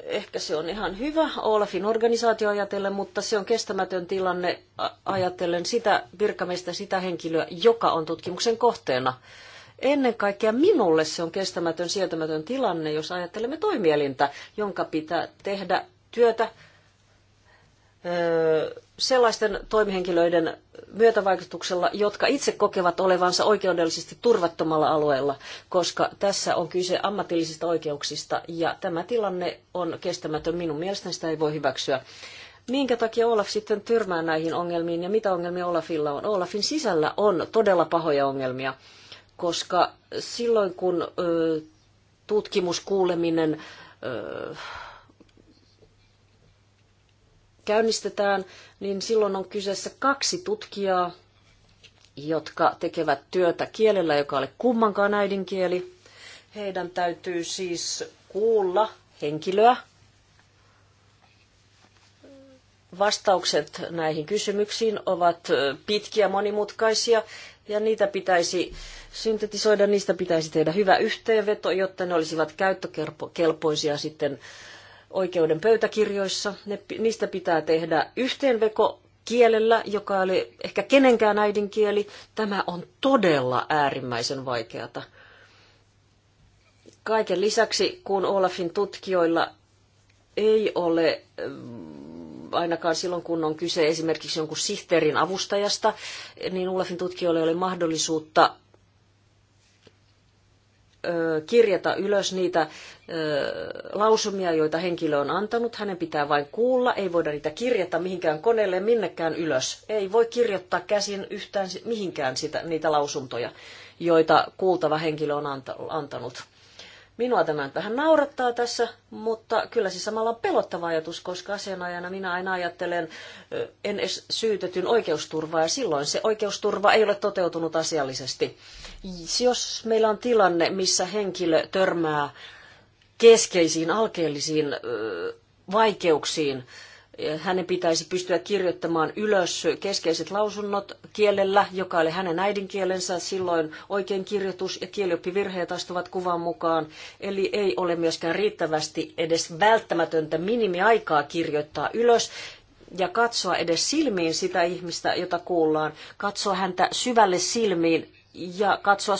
Ehkä se on ihan hyvä Olafin organisaatio ajatellen, mutta se on kestämätön tilanne ajatellen sitä virkamiestä, sitä henkilöä, joka on tutkimuksen kohteena. Ennen kaikkea minulle se on kestämätön, sietämätön tilanne, jos ajattelemme toimielintä, jonka pitää tehdä työtä sellaisten toimihenkilöiden myötävaikutuksella, jotka itse kokevat olevansa oikeudellisesti turvattomalla alueella, koska tässä on kyse ammatillisista oikeuksista ja tämä tilanne on kestämätön. Minun mielestäni sitä ei voi hyväksyä. Minkä takia Olaf sitten tyrmää näihin ongelmiin ja mitä ongelmia Olafilla on? Olafin sisällä on todella pahoja ongelmia, koska silloin kun tutkimuskuuleminen käynnistetään, niin silloin on kyseessä kaksi tutkijaa, jotka tekevät työtä kielellä, joka ei ole kummankaan äidinkieli. Heidän täytyy siis kuulla henkilöä. Vastaukset näihin kysymyksiin ovat pitkiä, monimutkaisia ja niitä pitäisi syntetisoida, niistä pitäisi tehdä hyvä yhteenveto, jotta ne olisivat käyttökelpoisia sitten oikeuden pöytäkirjoissa. Ne, niistä pitää tehdä yhteenveko kielellä, joka oli ehkä kenenkään äidinkieli. Tämä on todella äärimmäisen vaikeata. Kaiken lisäksi, kun Olafin tutkijoilla ei ole mm, ainakaan silloin, kun on kyse esimerkiksi jonkun sihteerin avustajasta, niin Olafin tutkijoilla ei ole mahdollisuutta kirjata ylös niitä lausumia, joita henkilö on antanut. Hänen pitää vain kuulla, ei voida niitä kirjata mihinkään koneelle, minnekään ylös. Ei voi kirjoittaa käsin yhtään mihinkään sitä, niitä lausuntoja, joita kuultava henkilö on antanut. Minua tämä vähän naurattaa tässä, mutta kyllä se samalla on pelottava ajatus, koska asianajana minä aina ajattelen en edes syytetyn oikeusturvaa ja silloin se oikeusturva ei ole toteutunut asiallisesti. Jos meillä on tilanne, missä henkilö törmää keskeisiin alkeellisiin vaikeuksiin, hänen pitäisi pystyä kirjoittamaan ylös keskeiset lausunnot kielellä, joka oli hänen äidinkielensä. Silloin oikein kirjoitus ja kielioppivirheet astuvat kuvan mukaan. Eli ei ole myöskään riittävästi edes välttämätöntä minimiaikaa kirjoittaa ylös ja katsoa edes silmiin sitä ihmistä, jota kuullaan. Katsoa häntä syvälle silmiin ja katsoa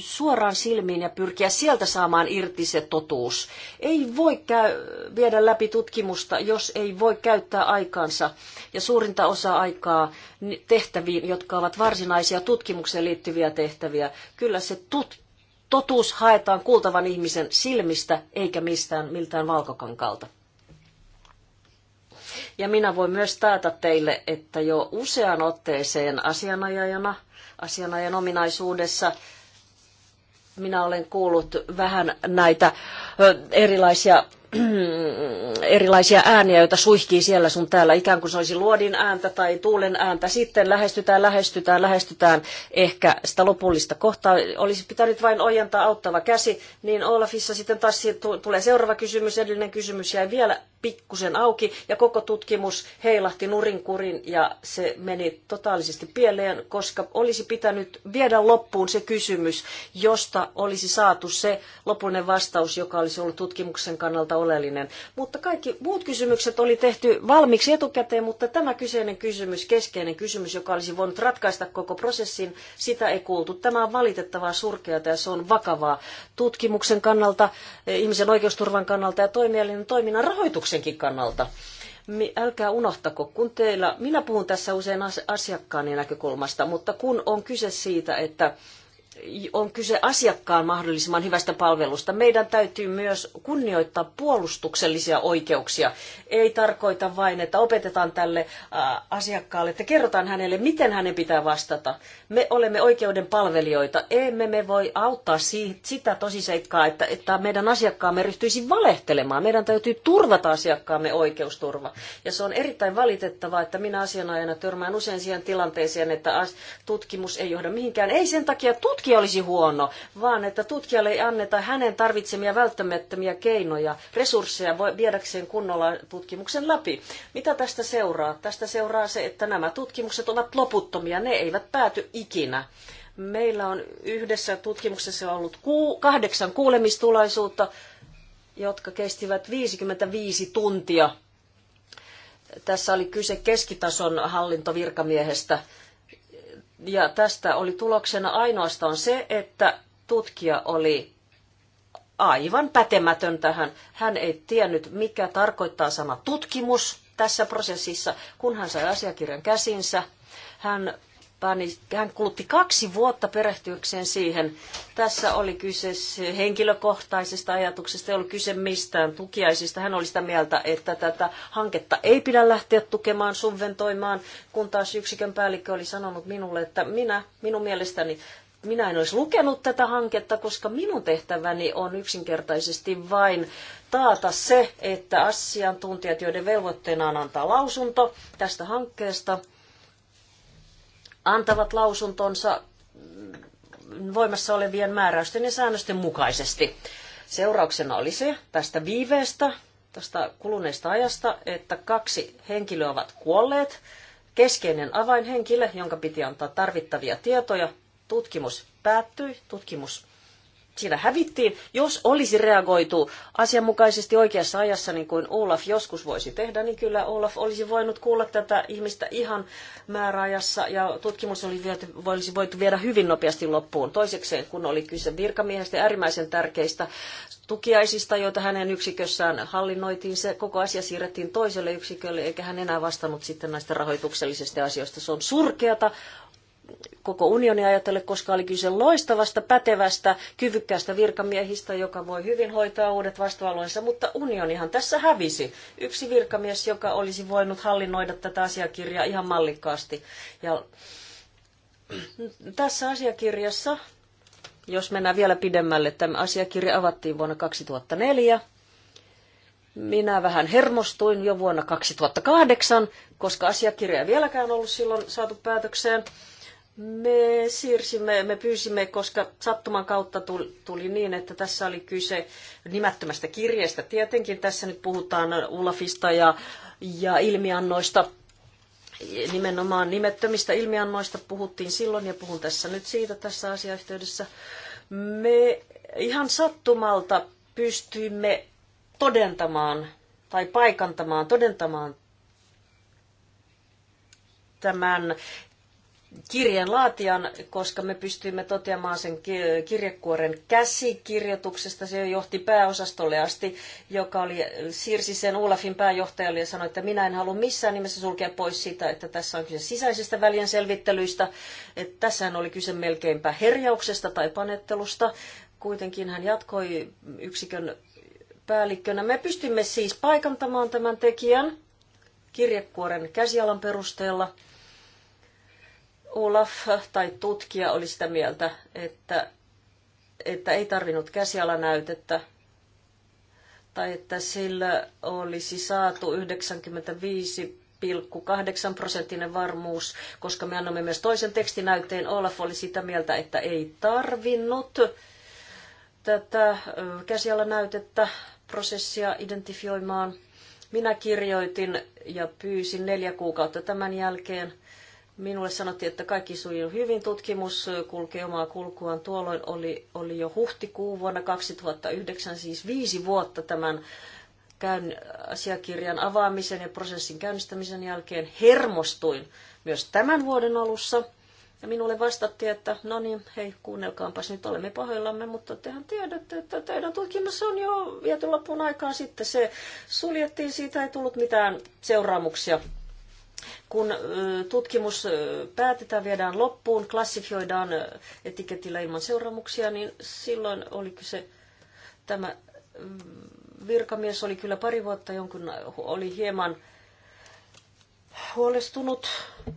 suoraan silmiin ja pyrkiä sieltä saamaan irti se totuus. Ei voi käy, viedä läpi tutkimusta, jos ei voi käyttää aikaansa ja suurinta osa aikaa tehtäviin, jotka ovat varsinaisia tutkimukseen liittyviä tehtäviä. Kyllä se tut, totuus haetaan kuultavan ihmisen silmistä eikä mistään miltään valkokankalta. Ja minä voin myös taata teille, että jo useaan otteeseen asianajajana – asianajan ominaisuudessa minä olen kuullut vähän näitä erilaisia erilaisia ääniä, joita suihkii siellä sun täällä, ikään kuin se olisi luodin ääntä tai tuulen ääntä. Sitten lähestytään, lähestytään, lähestytään ehkä sitä lopullista kohtaa. Olisi pitänyt vain ojentaa auttava käsi, niin Olafissa sitten taas tulee seuraava kysymys, edellinen kysymys jäi vielä pikkusen auki ja koko tutkimus heilahti nurinkurin ja se meni totaalisesti pieleen, koska olisi pitänyt viedä loppuun se kysymys, josta olisi saatu se lopullinen vastaus, joka olisi ollut tutkimuksen kannalta oleellinen. Mutta kaikki muut kysymykset oli tehty valmiiksi etukäteen, mutta tämä kyseinen kysymys, keskeinen kysymys, joka olisi voinut ratkaista koko prosessin, sitä ei kuultu. Tämä on valitettavaa surkeata ja se on vakavaa tutkimuksen kannalta, ihmisen oikeusturvan kannalta ja toimielinen toiminnan rahoituksenkin kannalta älkää unohtako, kun teillä, minä puhun tässä usein asiakkaani näkökulmasta, mutta kun on kyse siitä, että on kyse asiakkaan mahdollisimman hyvästä palvelusta. Meidän täytyy myös kunnioittaa puolustuksellisia oikeuksia. Ei tarkoita vain, että opetetaan tälle asiakkaalle, että kerrotaan hänelle, miten hänen pitää vastata. Me olemme oikeuden palvelijoita. Emme me voi auttaa sitä tosiseikkaa, että, että meidän asiakkaamme ryhtyisi valehtelemaan. Meidän täytyy turvata asiakkaamme oikeusturva. Ja se on erittäin valitettavaa, että minä asianajana törmään usein siihen tilanteeseen, että tutkimus ei johda mihinkään. Ei sen takia tutkimus tutkija olisi huono, vaan että tutkijalle ei anneta hänen tarvitsemia välttämättömiä keinoja, resursseja viedäkseen kunnolla tutkimuksen läpi. Mitä tästä seuraa? Tästä seuraa se, että nämä tutkimukset ovat loputtomia, ne eivät pääty ikinä. Meillä on yhdessä tutkimuksessa ollut kahdeksan kuulemistulaisuutta, jotka kestivät 55 tuntia. Tässä oli kyse keskitason hallintovirkamiehestä ja tästä oli tuloksena ainoastaan se, että tutkija oli aivan pätemätön tähän. Hän ei tiennyt, mikä tarkoittaa sana tutkimus tässä prosessissa. Kun hän sai asiakirjan käsinsä, hän pani, niin hän kulutti kaksi vuotta perehtyäkseen siihen. Tässä oli kyse henkilökohtaisesta ajatuksesta, ei ollut kyse mistään tukiaisista. Hän oli sitä mieltä, että tätä hanketta ei pidä lähteä tukemaan, subventoimaan, kun taas yksikön päällikkö oli sanonut minulle, että minä, minun mielestäni minä en olisi lukenut tätä hanketta, koska minun tehtäväni on yksinkertaisesti vain taata se, että asiantuntijat, joiden velvoitteena on antaa lausunto tästä hankkeesta, antavat lausuntonsa voimassa olevien määräysten ja säännösten mukaisesti. Seurauksena oli se tästä viiveestä, tästä kuluneesta ajasta, että kaksi henkilöä ovat kuolleet. Keskeinen avainhenkilö, jonka piti antaa tarvittavia tietoja, tutkimus päättyi, tutkimus siinä hävittiin. Jos olisi reagoitu asianmukaisesti oikeassa ajassa, niin kuin Olaf joskus voisi tehdä, niin kyllä Olaf olisi voinut kuulla tätä ihmistä ihan määräajassa ja tutkimus oli viety, olisi voitu viedä hyvin nopeasti loppuun. Toisekseen, kun oli kyse virkamiehestä äärimmäisen tärkeistä tukiaisista, joita hänen yksikössään hallinnoitiin, se koko asia siirrettiin toiselle yksikölle, eikä hän enää vastannut sitten näistä rahoituksellisista asioista. Se on surkeata, koko unionia ajatellen, koska oli kyse loistavasta, pätevästä, kyvykkäästä virkamiehistä, joka voi hyvin hoitaa uudet vastuualueensa, mutta unionihan tässä hävisi. Yksi virkamies, joka olisi voinut hallinnoida tätä asiakirjaa ihan mallikkaasti. Ja tässä asiakirjassa, jos mennään vielä pidemmälle, tämä asiakirja avattiin vuonna 2004. Minä vähän hermostuin jo vuonna 2008, koska asiakirja ei vieläkään ollut silloin saatu päätökseen. Me siirsimme, me pyysimme, koska sattuman kautta tuli, tuli niin, että tässä oli kyse nimettömästä kirjeestä. Tietenkin tässä nyt puhutaan Ulafista ja, ja ilmiannoista, nimenomaan nimettömistä ilmiannoista puhuttiin silloin ja puhun tässä nyt siitä tässä asiayhteydessä. Me ihan sattumalta pystyimme todentamaan tai paikantamaan, todentamaan tämän kirjeen laatijan, koska me pystyimme toteamaan sen kirjekuoren käsikirjoituksesta. Se johti pääosastolle asti, joka oli, siirsi sen Olafin pääjohtajalle ja sanoi, että minä en halua missään nimessä sulkea pois sitä, että tässä on kyse sisäisestä välien selvittelyistä. Että tässähän oli kyse melkeinpä herjauksesta tai panettelusta. Kuitenkin hän jatkoi yksikön päällikkönä. Me pystymme siis paikantamaan tämän tekijän kirjekuoren käsialan perusteella – Olaf tai tutkija oli sitä mieltä, että, että ei tarvinnut käsialanäytettä tai että sillä olisi saatu 95 8 prosenttinen varmuus, koska me annamme myös toisen tekstinäytteen. Olaf oli sitä mieltä, että ei tarvinnut tätä käsialanäytettä prosessia identifioimaan. Minä kirjoitin ja pyysin neljä kuukautta tämän jälkeen – Minulle sanottiin, että kaikki sujuu hyvin, tutkimus kulkee omaa kulkuaan. Tuolloin oli, oli jo huhtikuu vuonna 2009, siis viisi vuotta tämän käyn, asiakirjan avaamisen ja prosessin käynnistämisen jälkeen hermostuin myös tämän vuoden alussa. Ja minulle vastattiin, että no niin, hei, kuunnelkaanpas, nyt olemme pahoillamme, mutta tehän tiedätte, että teidän tutkimus on jo viety loppuun aikaan sitten. Se suljettiin, siitä ei tullut mitään seuraamuksia kun tutkimus päätetään, viedään loppuun, klassifioidaan etiketillä ilman seuraamuksia, niin silloin oli kyse tämä mm, virkamies oli kyllä pari vuotta jonkun, oli hieman huolestunut.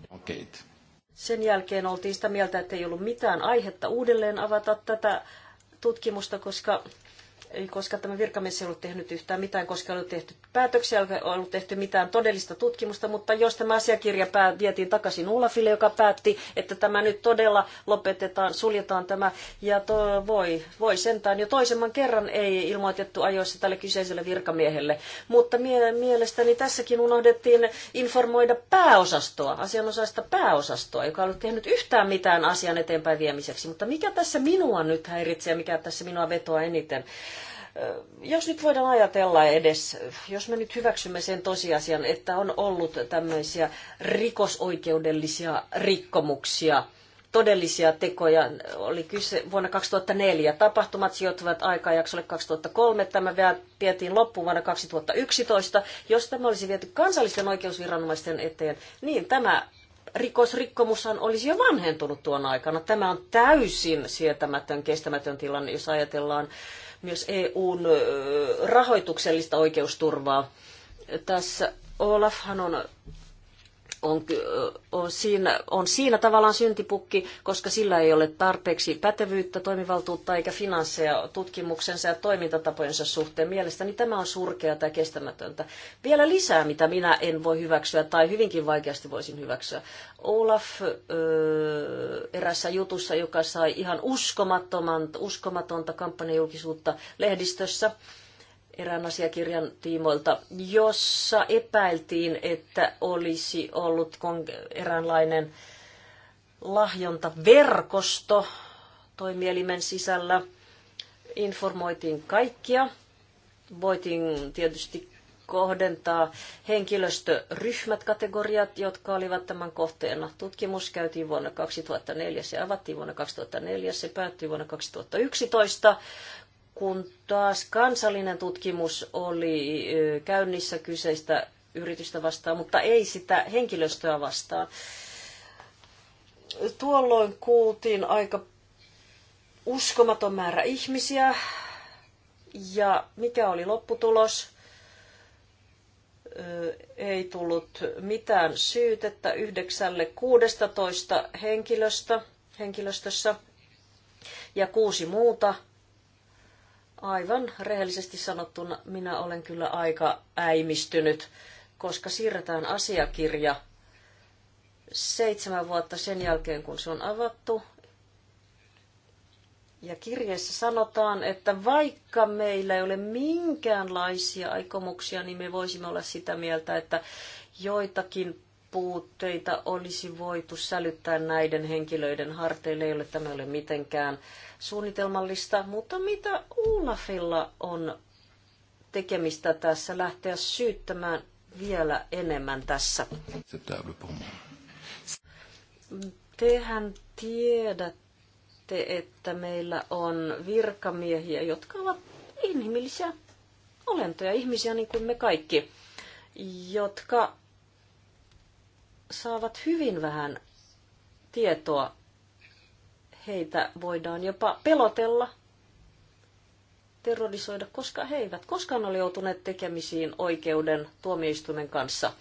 Okeit. Sen jälkeen oltiin sitä mieltä, että ei ollut mitään aihetta uudelleen avata tätä tutkimusta, koska koska tämä virkamies ei ollut tehnyt yhtään mitään, koska ei ollut tehty päätöksiä, ei ollut tehty mitään todellista tutkimusta, mutta jos tämä asiakirja pää, vietiin takaisin Ulafille, joka päätti, että tämä nyt todella lopetetaan, suljetaan tämä, ja to, voi, voi sentään jo toisemman kerran ei ilmoitettu ajoissa tälle kyseiselle virkamiehelle. Mutta mie, mielestäni tässäkin unohdettiin informoida pääosastoa, asianosaista pääosastoa, joka ei ollut tehnyt yhtään mitään asian eteenpäin viemiseksi. Mutta mikä tässä minua nyt häiritsee, mikä tässä minua vetoaa eniten? Jos nyt voidaan ajatella edes, jos me nyt hyväksymme sen tosiasian, että on ollut tämmöisiä rikosoikeudellisia rikkomuksia, todellisia tekoja. Oli kyse vuonna 2004. Tapahtumat sijoittuvat aikajaksolle 2003. Tämä vietiin loppuun vuonna 2011. Jos tämä olisi viety kansallisten oikeusviranomaisten eteen, niin tämä rikosrikkomushan olisi jo vanhentunut tuon aikana. Tämä on täysin sietämätön, kestämätön tilanne, jos ajatellaan myös EUn rahoituksellista oikeusturvaa. Tässä Olafhan on on, on, siinä, on siinä tavallaan syntipukki, koska sillä ei ole tarpeeksi pätevyyttä, toimivaltuutta eikä finansseja tutkimuksensa ja toimintatapojensa suhteen. Mielestäni tämä on surkea tai kestämätöntä. Vielä lisää, mitä minä en voi hyväksyä tai hyvinkin vaikeasti voisin hyväksyä. Olaf öö, erässä jutussa, joka sai ihan uskomattoman, uskomatonta kampanjajulkisuutta lehdistössä, erään asiakirjan tiimoilta, jossa epäiltiin, että olisi ollut eräänlainen lahjontaverkosto toimielimen sisällä. Informoitiin kaikkia. Voitiin tietysti kohdentaa henkilöstöryhmät, kategoriat, jotka olivat tämän kohteena. Tutkimus käytiin vuonna 2004, se avattiin vuonna 2004, se päättyi vuonna 2011 kun taas kansallinen tutkimus oli käynnissä kyseistä yritystä vastaan, mutta ei sitä henkilöstöä vastaan. Tuolloin kuultiin aika uskomaton määrä ihmisiä. Ja mikä oli lopputulos? Ei tullut mitään syytettä yhdeksälle 16 henkilöstä, henkilöstössä ja kuusi muuta Aivan rehellisesti sanottuna minä olen kyllä aika äimistynyt, koska siirretään asiakirja seitsemän vuotta sen jälkeen, kun se on avattu. Ja kirjeessä sanotaan, että vaikka meillä ei ole minkäänlaisia aikomuksia, niin me voisimme olla sitä mieltä, että joitakin puutteita olisi voitu sälyttää näiden henkilöiden harteille, ole tämä ole mitenkään suunnitelmallista. Mutta mitä Olafilla on tekemistä tässä lähteä syyttämään vielä enemmän tässä? Tehän tiedätte, että meillä on virkamiehiä, jotka ovat inhimillisiä olentoja, ihmisiä niin kuin me kaikki, jotka saavat hyvin vähän tietoa. Heitä voidaan jopa pelotella, terrorisoida, koska he eivät koskaan ole joutuneet tekemisiin oikeuden tuomioistuimen kanssa.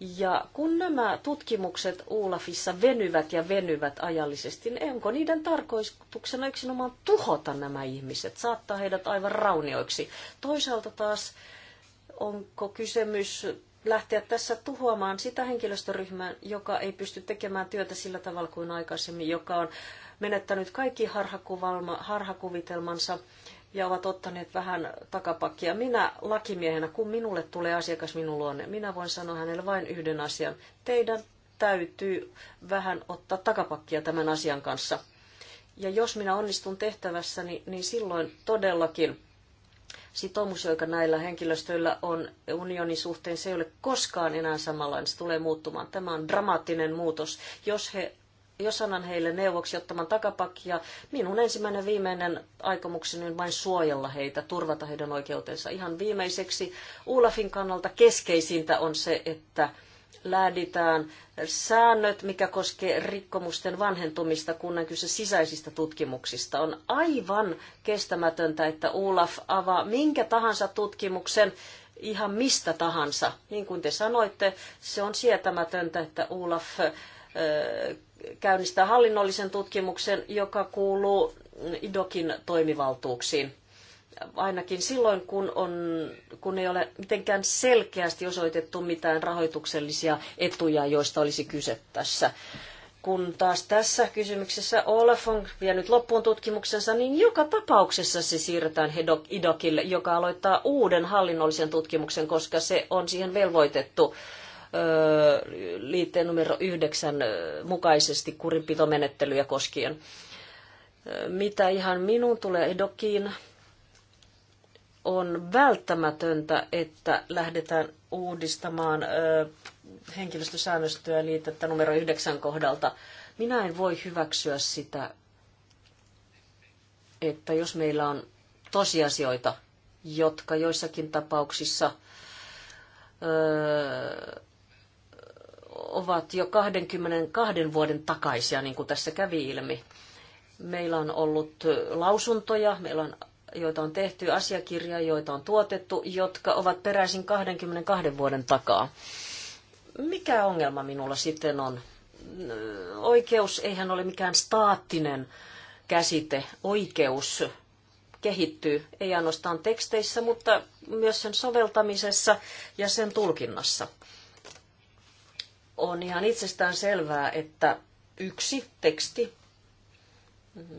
Ja kun nämä tutkimukset Ulafissa venyvät ja venyvät ajallisesti, niin onko niiden tarkoituksena yksinomaan tuhota nämä ihmiset, saattaa heidät aivan raunioiksi? Toisaalta taas onko kysymys lähteä tässä tuhoamaan sitä henkilöstöryhmää, joka ei pysty tekemään työtä sillä tavalla kuin aikaisemmin, joka on menettänyt kaikki harhakuvitelmansa ja ovat ottaneet vähän takapakkia. Minä lakimiehenä, kun minulle tulee asiakas minun luonne, minä voin sanoa hänelle vain yhden asian. Teidän täytyy vähän ottaa takapakkia tämän asian kanssa. Ja jos minä onnistun tehtävässäni, niin silloin todellakin sitoumus, joka näillä henkilöstöillä on unionin suhteen, se ei ole koskaan enää samanlainen, se tulee muuttumaan. Tämä on dramaattinen muutos. Jos he jos annan heille neuvoksi ottamaan takapakkia, minun ensimmäinen viimeinen aikomukseni on vain suojella heitä, turvata heidän oikeutensa. Ihan viimeiseksi Ulafin kannalta keskeisintä on se, että lähditään säännöt, mikä koskee rikkomusten vanhentumista, kun on kyse sisäisistä tutkimuksista. On aivan kestämätöntä, että Olaf avaa minkä tahansa tutkimuksen ihan mistä tahansa. Niin kuin te sanoitte, se on sietämätöntä, että Olaf käynnistää hallinnollisen tutkimuksen, joka kuuluu IDOKin toimivaltuuksiin ainakin silloin, kun, on, kun ei ole mitenkään selkeästi osoitettu mitään rahoituksellisia etuja, joista olisi kyse tässä. Kun taas tässä kysymyksessä Olaf on vienyt loppuun tutkimuksensa, niin joka tapauksessa se siirretään Idokille, joka aloittaa uuden hallinnollisen tutkimuksen, koska se on siihen velvoitettu liitteen numero yhdeksän mukaisesti kurinpitomenettelyjä koskien. Mitä ihan minun tulee Edokiin, on välttämätöntä, että lähdetään uudistamaan ö, henkilöstösäännöstöä liitettä niin, numero yhdeksän kohdalta. Minä en voi hyväksyä sitä, että jos meillä on tosiasioita, jotka joissakin tapauksissa ö, ovat jo 22 vuoden takaisia, niin kuin tässä kävi ilmi. Meillä on ollut lausuntoja, meillä on joita on tehty, asiakirja, joita on tuotettu, jotka ovat peräisin 22 vuoden takaa. Mikä ongelma minulla sitten on? Oikeus eihän ole mikään staattinen käsite. Oikeus kehittyy, ei ainoastaan teksteissä, mutta myös sen soveltamisessa ja sen tulkinnassa. On ihan itsestään selvää, että yksi teksti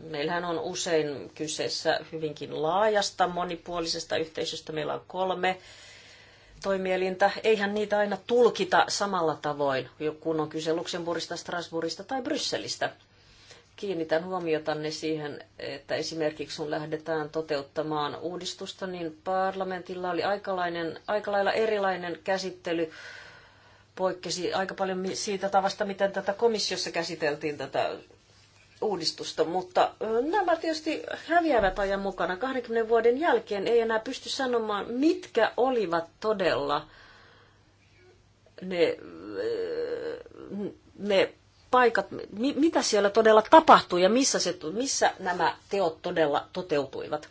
Meillähän on usein kyseessä hyvinkin laajasta, monipuolisesta yhteisöstä. Meillä on kolme toimielintä. Eihän niitä aina tulkita samalla tavoin, kun on kyse Luxemburgista, Strasbourgista tai Brysselistä. Kiinnitän huomiotanne siihen, että esimerkiksi kun lähdetään toteuttamaan uudistusta, niin parlamentilla oli aikalainen, aika lailla erilainen käsittely poikkesi aika paljon siitä tavasta, miten tätä komissiossa käsiteltiin tätä uudistusta, mutta nämä tietysti häviävät ajan mukana. 20 vuoden jälkeen ei enää pysty sanomaan, mitkä olivat todella ne, ne paikat, mitä siellä todella tapahtui ja missä, se, missä nämä teot todella toteutuivat.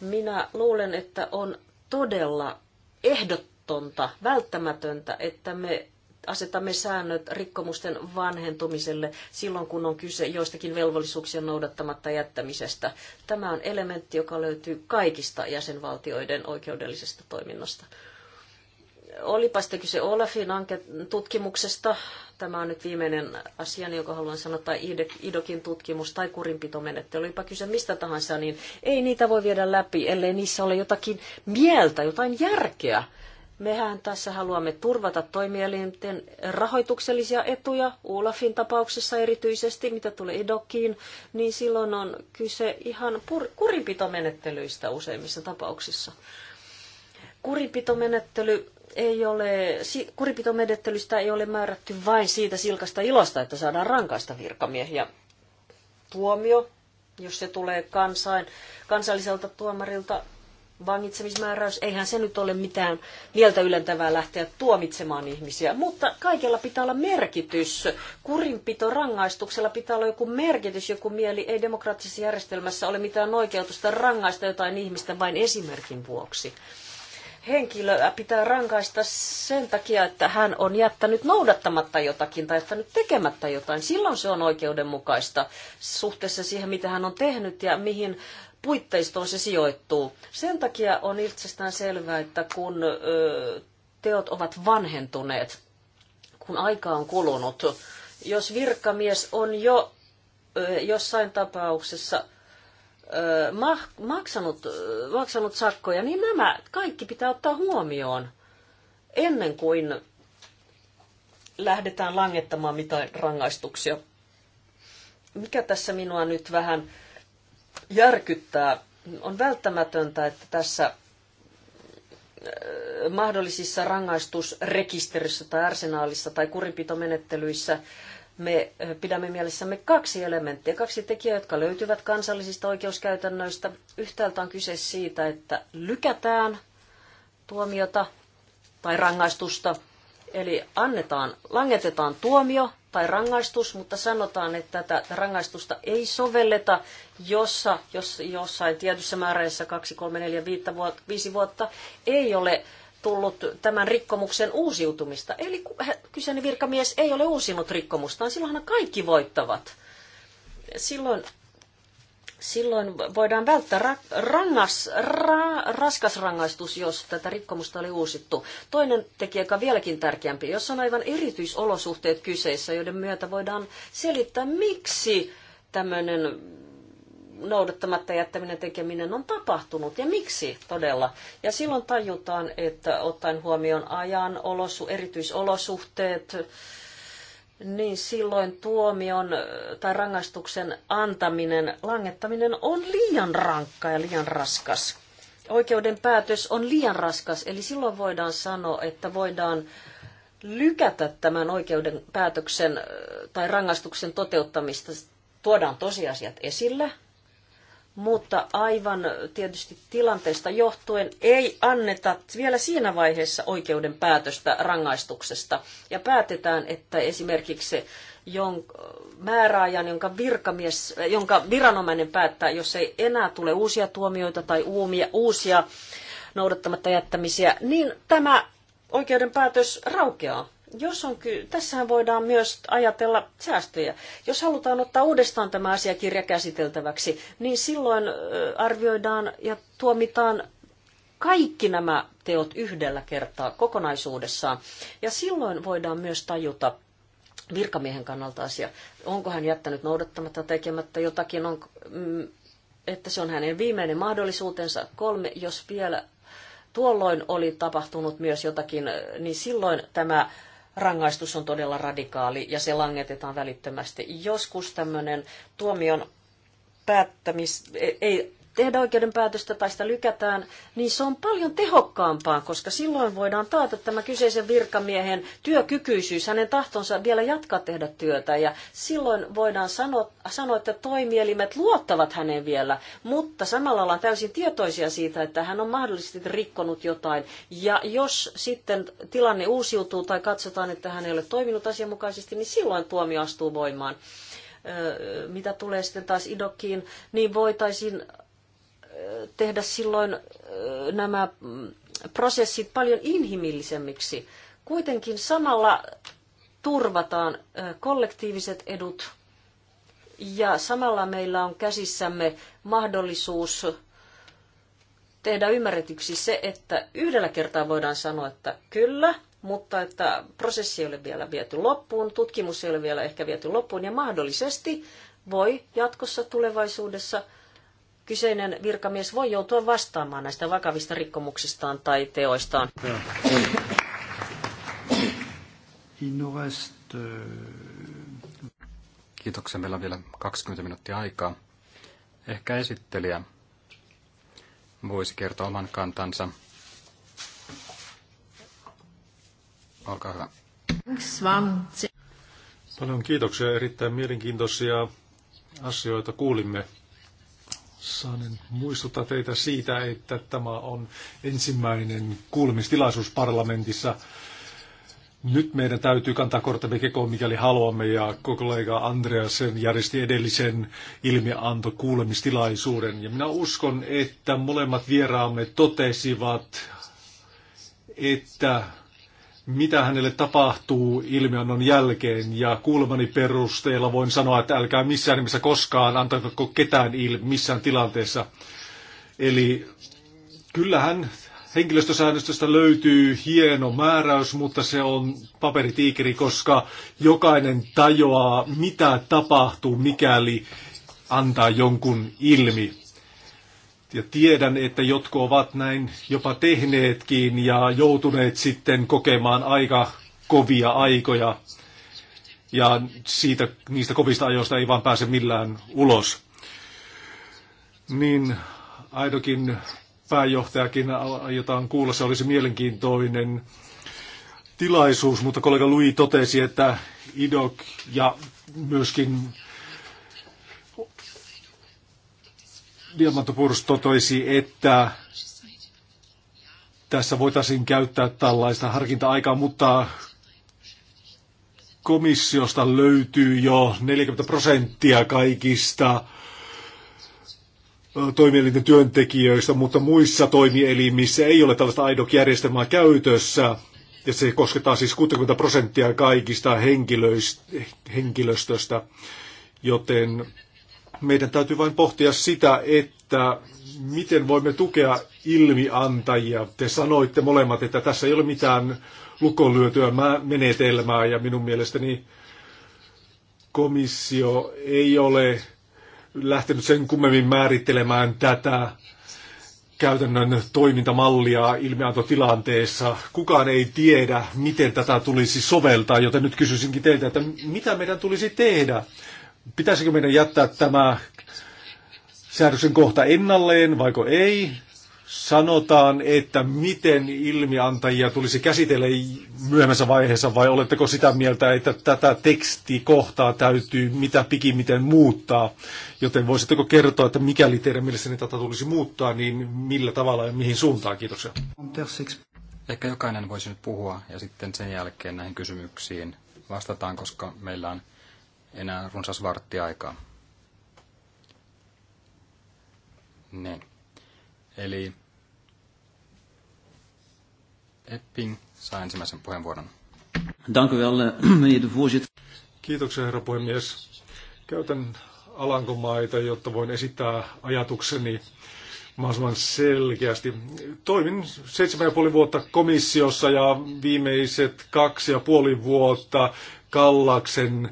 Minä luulen, että on todella ehdottonta, välttämätöntä, että me asetamme säännöt rikkomusten vanhentumiselle silloin, kun on kyse joistakin velvollisuuksien noudattamatta jättämisestä. Tämä on elementti, joka löytyy kaikista jäsenvaltioiden oikeudellisesta toiminnasta. Olipa sitten kyse Olafin tutkimuksesta, tämä on nyt viimeinen asia, jonka haluan sanoa, tai IDOKin e e tutkimus tai kurinpitomenettely, olipa kyse mistä tahansa, niin ei niitä voi viedä läpi, ellei niissä ole jotakin mieltä, jotain järkeä. Mehän tässä haluamme turvata toimielinten rahoituksellisia etuja, Ulafin tapauksessa erityisesti, mitä tulee Edokiin, niin silloin on kyse ihan pur- kurinpitomenettelyistä useimmissa tapauksissa. Kurinpitomenettely ei ole, kurinpitomenettelystä ei ole määrätty vain siitä silkasta ilosta, että saadaan rankaista virkamiehiä. Tuomio, jos se tulee kansain, kansalliselta tuomarilta, vangitsemismääräys, eihän se nyt ole mitään mieltä ylentävää lähteä tuomitsemaan ihmisiä. Mutta kaikella pitää olla merkitys. Kurinpito rangaistuksella pitää olla joku merkitys, joku mieli. Ei demokraattisessa järjestelmässä ole mitään oikeutusta rangaista jotain ihmistä vain esimerkin vuoksi. Henkilöä pitää rankaista sen takia, että hän on jättänyt noudattamatta jotakin tai jättänyt tekemättä jotain. Silloin se on oikeudenmukaista suhteessa siihen, mitä hän on tehnyt ja mihin puitteistoon se sijoittuu. Sen takia on itsestään selvää, että kun teot ovat vanhentuneet, kun aika on kulunut, jos virkamies on jo jossain tapauksessa maksanut, maksanut sakkoja, niin nämä kaikki pitää ottaa huomioon ennen kuin lähdetään langettamaan mitään rangaistuksia. Mikä tässä minua nyt vähän järkyttää. On välttämätöntä, että tässä äh, mahdollisissa rangaistusrekisterissä tai arsenaalissa tai kurinpitomenettelyissä me äh, pidämme mielessämme kaksi elementtiä, kaksi tekijää, jotka löytyvät kansallisista oikeuskäytännöistä. Yhtäältä on kyse siitä, että lykätään tuomiota tai rangaistusta Eli annetaan, langetetaan tuomio tai rangaistus, mutta sanotaan, että tätä rangaistusta ei sovelleta jossa, jos, jossain tietyssä määrässä 2, 3, 4, 5 vuotta ei ole tullut tämän rikkomuksen uusiutumista. Eli kyseinen virkamies ei ole uusinut rikkomustaan, silloinhan kaikki voittavat. Silloin silloin voidaan välttää ra- rangas, ra- raskas rangaistus, jos tätä rikkomusta oli uusittu. Toinen tekijä, joka on vieläkin tärkeämpi, jos on aivan erityisolosuhteet kyseessä, joiden myötä voidaan selittää, miksi tämmöinen noudattamatta jättäminen tekeminen on tapahtunut ja miksi todella. Ja silloin tajutaan, että ottaen huomioon ajan, olosu, erityisolosuhteet, niin silloin tuomion tai rangaistuksen antaminen, langettaminen on liian rankka ja liian raskas. Oikeuden päätös on liian raskas, eli silloin voidaan sanoa, että voidaan lykätä tämän oikeuden päätöksen tai rangaistuksen toteuttamista. Tuodaan tosiasiat esillä, mutta aivan tietysti tilanteesta johtuen ei anneta vielä siinä vaiheessa oikeuden päätöstä rangaistuksesta. Ja päätetään, että esimerkiksi jon, määräajan, jonka, virkamies, jonka viranomainen päättää, jos ei enää tule uusia tuomioita tai uumia, uusia noudattamatta jättämisiä, niin tämä oikeuden päätös raukeaa. Jos on ky- tässähän voidaan myös ajatella säästöjä. Jos halutaan ottaa uudestaan tämä asiakirja käsiteltäväksi, niin silloin arvioidaan ja tuomitaan kaikki nämä teot yhdellä kertaa kokonaisuudessaan. Ja silloin voidaan myös tajuta virkamiehen kannalta asia, onko hän jättänyt noudattamatta tekemättä jotakin, on, mm, että se on hänen viimeinen mahdollisuutensa. Kolme, jos vielä tuolloin oli tapahtunut myös jotakin, niin silloin tämä rangaistus on todella radikaali ja se langetetaan välittömästi. Joskus tämmöinen tuomion päättämis, e- ei tehdä päätöstä tai sitä lykätään, niin se on paljon tehokkaampaa, koska silloin voidaan taata tämä kyseisen virkamiehen työkykyisyys, hänen tahtonsa vielä jatkaa tehdä työtä. Ja silloin voidaan sanoa, sanoa että toimielimet luottavat häneen vielä, mutta samalla ollaan täysin tietoisia siitä, että hän on mahdollisesti rikkonut jotain. Ja jos sitten tilanne uusiutuu tai katsotaan, että hän ei ole toiminut asianmukaisesti, niin silloin tuomio astuu voimaan mitä tulee sitten taas idokkiin, niin voitaisiin tehdä silloin nämä prosessit paljon inhimillisemmiksi. Kuitenkin samalla turvataan kollektiiviset edut ja samalla meillä on käsissämme mahdollisuus tehdä ymmärretyksi se, että yhdellä kertaa voidaan sanoa, että kyllä, mutta että prosessi ei ole vielä viety loppuun, tutkimus ei ole vielä ehkä viety loppuun ja mahdollisesti voi jatkossa tulevaisuudessa – kyseinen virkamies voi joutua vastaamaan näistä vakavista rikkomuksistaan tai teoistaan. Euh, kiitoksia. Meillä on vielä 20 minuuttia aikaa. Ehkä esittelijä voisi kertoa oman kantansa. Olkaa hyvä. Paljon kiitoksia. Erittäin mielenkiintoisia asioita kuulimme saanen muistuttaa teitä siitä, että tämä on ensimmäinen kuulemistilaisuus parlamentissa. Nyt meidän täytyy kantaa kortemme kekoon, mikäli haluamme, ja kollega Andreasen järjesti edellisen ilmianto kuulemistilaisuuden. Ja minä uskon, että molemmat vieraamme totesivat, että mitä hänelle tapahtuu ilmiönnon jälkeen. Ja kuulemani perusteella voin sanoa, että älkää missään nimessä koskaan antako ketään ilmi missään tilanteessa. Eli kyllähän henkilöstösäännöstöstä löytyy hieno määräys, mutta se on paperitiikeri, koska jokainen tajoaa, mitä tapahtuu, mikäli antaa jonkun ilmi ja tiedän, että jotkut ovat näin jopa tehneetkin ja joutuneet sitten kokemaan aika kovia aikoja. Ja siitä, niistä kovista ajoista ei vaan pääse millään ulos. Niin aidokin pääjohtajakin aiotaan kuulla, se olisi mielenkiintoinen tilaisuus, mutta kollega Louis totesi, että IDOC ja myöskin Diamantopurus totesi, että tässä voitaisiin käyttää tällaista harkinta-aikaa, mutta komissiosta löytyy jo 40 prosenttia kaikista toimielinten työntekijöistä, mutta muissa toimielimissä ei ole tällaista AIDOC-järjestelmää käytössä, ja se koskettaa siis 60 prosenttia kaikista henkilöstöstä, joten meidän täytyy vain pohtia sitä, että miten voimme tukea ilmiantajia. Te sanoitte molemmat, että tässä ei ole mitään lukonlyötyä menetelmää ja minun mielestäni komissio ei ole lähtenyt sen kummemmin määrittelemään tätä käytännön toimintamallia ilmiantotilanteessa. Kukaan ei tiedä, miten tätä tulisi soveltaa, joten nyt kysyisinkin teiltä, että mitä meidän tulisi tehdä pitäisikö meidän jättää tämä säädöksen kohta ennalleen vaiko ei? Sanotaan, että miten ilmiantajia tulisi käsitellä myöhemmässä vaiheessa vai oletteko sitä mieltä, että tätä tekstikohtaa täytyy mitä pikimiten muuttaa? Joten voisitteko kertoa, että mikäli teidän mielestäni tätä tulisi muuttaa, niin millä tavalla ja mihin suuntaan? Kiitoksia. Ehkä jokainen voisi nyt puhua ja sitten sen jälkeen näihin kysymyksiin vastataan, koska meillä on enää runsas vartti aikaa. Niin. Eli Epping saa ensimmäisen puheenvuoron. Eh, Kiitoksia, herra puhemies. Käytän alankomaita, jotta voin esittää ajatukseni mahdollisimman selkeästi. Toimin 7,5 vuotta komissiossa ja viimeiset kaksi ja puoli vuotta Kallaksen